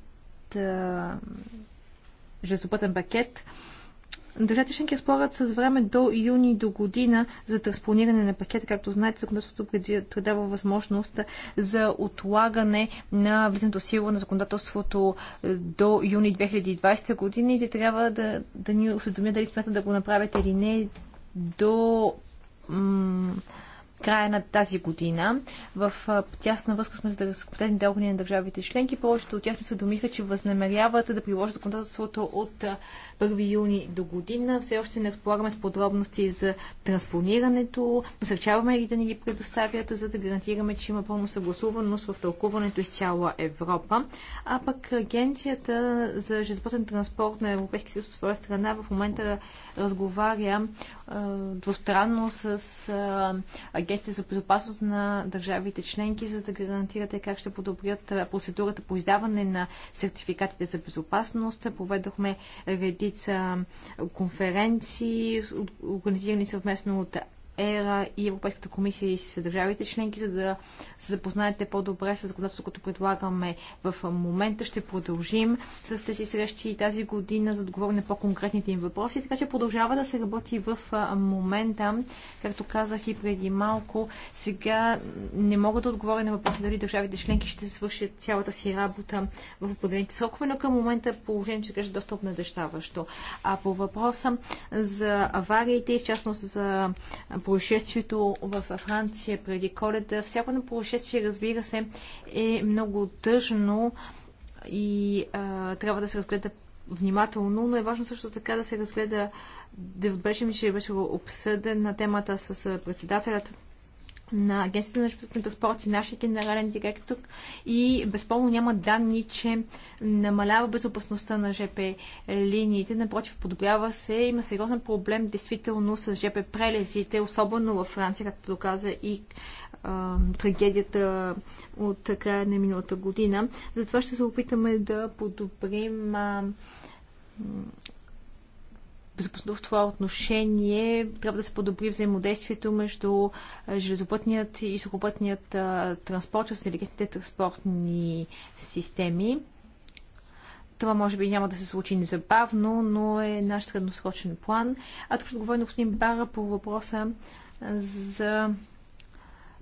а... Е, железопътен пакет, Държавите членки разполагат с време до юни до година за транспониране на пакета. Както знаете, законодателството предава възможност за отлагане на влизането сила на законодателството е, до юни 2020 година и те трябва да, да ни осведомят дали смятат да го направят или не до края на тази година. В тясна връзка сме с съответните дългани на държавите членки. Повечето от тях ми се домиха, че възнамеряват да приложат законодателството от 1 юни до година. Все още не разполагаме с подробности за транспонирането. Насърчаваме ги да ни ги предоставят, за да гарантираме, че има пълно съгласуваност в тълкуването из цяла Европа. А пък Агенцията за железопътен транспорт на Европейския съюз от своя страна в момента разговаря двустранно с агентите за безопасност на държавите членки, за да гарантирате как ще подобрят процедурата по издаване на сертификатите за безопасност. Проведохме редица конференции, организирани съвместно от ЕРА и Европейската комисия и с държавите членки, за да се запознаете по-добре с законодателството, което предлагаме в момента. Ще продължим с тези срещи тази година, за да отговорим на по-конкретните им въпроси. Така че продължава да се работи в момента. Както казах и преди малко, сега не мога да отговоря на въпроса дали държавите членки ще свършат цялата си работа в определените срокове, но към момента положението че кажа доста обнадеждаващо. А по въпроса за авариите и в частност за происшествието в Франция преди коледа. Всяко на происшествие, разбира се, е много тъжно и а, трябва да се разгледа внимателно, но е важно също така да се разгледа, да отбележим, че беше обсъдена темата с председателят на Агенцията на железопътен транспорт и нашия генерален директор и безпълно няма данни, че намалява безопасността на ЖП линиите. Напротив, подобрява се. Има сериозен проблем действително с ЖП прелезите, особено във Франция, както доказа и а, трагедията от края на миналата година. Затова ще се опитаме да подобрим а, безопасността в това отношение трябва да се подобри взаимодействието между железопътният и сухопътният транспорт, с интелигентните транспортни системи. Това може би няма да се случи незабавно, но е наш средносрочен план. А тук ще отговоря на господин Бара по въпроса за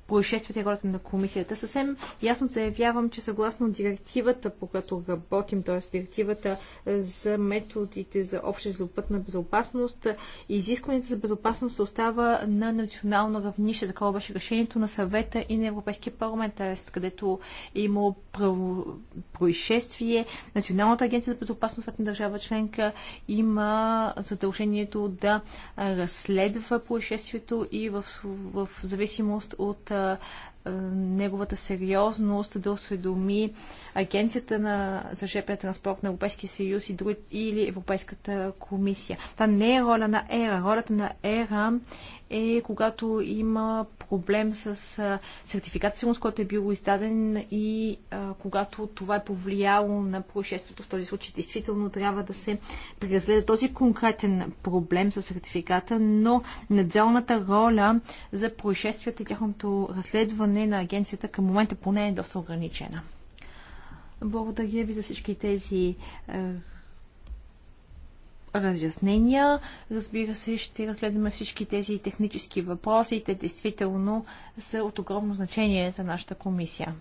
происшествията и ролята на комисията. Съвсем ясно заявявам, че съгласно директивата, по която работим, т.е. директивата за методите за обща злопътна безопасност, изискването за безопасност остава на национално равнище. Такова беше решението на съвета и на Европейския парламент, т.е. където е имало право... происшествие. Националната агенция за безопасност на държава членка има задължението да разследва происшествието и в, в зависимост от а, неговата сериозност да осведоми Агенцията на, за ЖП транспорт на Европейския съюз и друг, или Европейската комисия. Та не е роля на ЕРА. Ролята на ЕРА е когато има проблем с сертификат сигурност, който е бил издаден и а, когато това е повлияло на происшествието. В този случай действително трябва да се преразгледа този конкретен проблем с сертификата, но надзорната роля за происшествията и тяхното разследване на агенцията към момента поне е доста ограничена. Благодаря ви за всички тези разяснения. Разбира се, ще разгледаме всички тези технически въпроси. Те действително са от огромно значение за нашата комисия.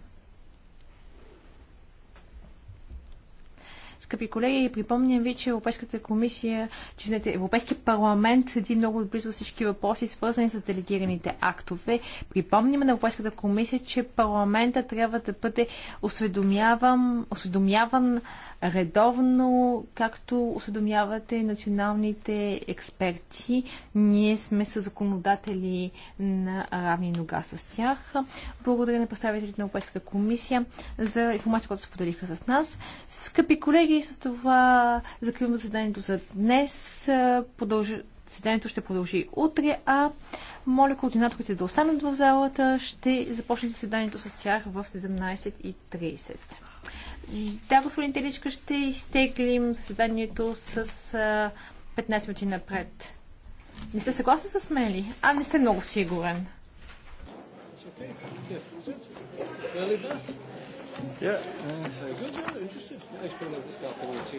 Скъпи колеги, припомням ви, че Европейската комисия, че знаете, Европейския парламент седи много близо всички въпроси, свързани с делегираните актове. Припомним на Европейската комисия, че парламента трябва да бъде осведомяван, осведомяван редовно, както осведомявате националните експерти. Ние сме със законодатели на равни нога с тях. Благодаря на представителите на Европейската комисия за информация, която споделиха с нас. Скъпи колеги, с това закриваме заседанието за днес. Продължи... Заседанието ще продължи утре, а моля координаторите да останат в залата. Ще започнем заседанието с тях в 17.30. Да, господин Теличка, ще изтеглим съданието с 15 минути напред. Не сте съгласен с мен ли? А, не сте много сигурен. Yeah. Uh,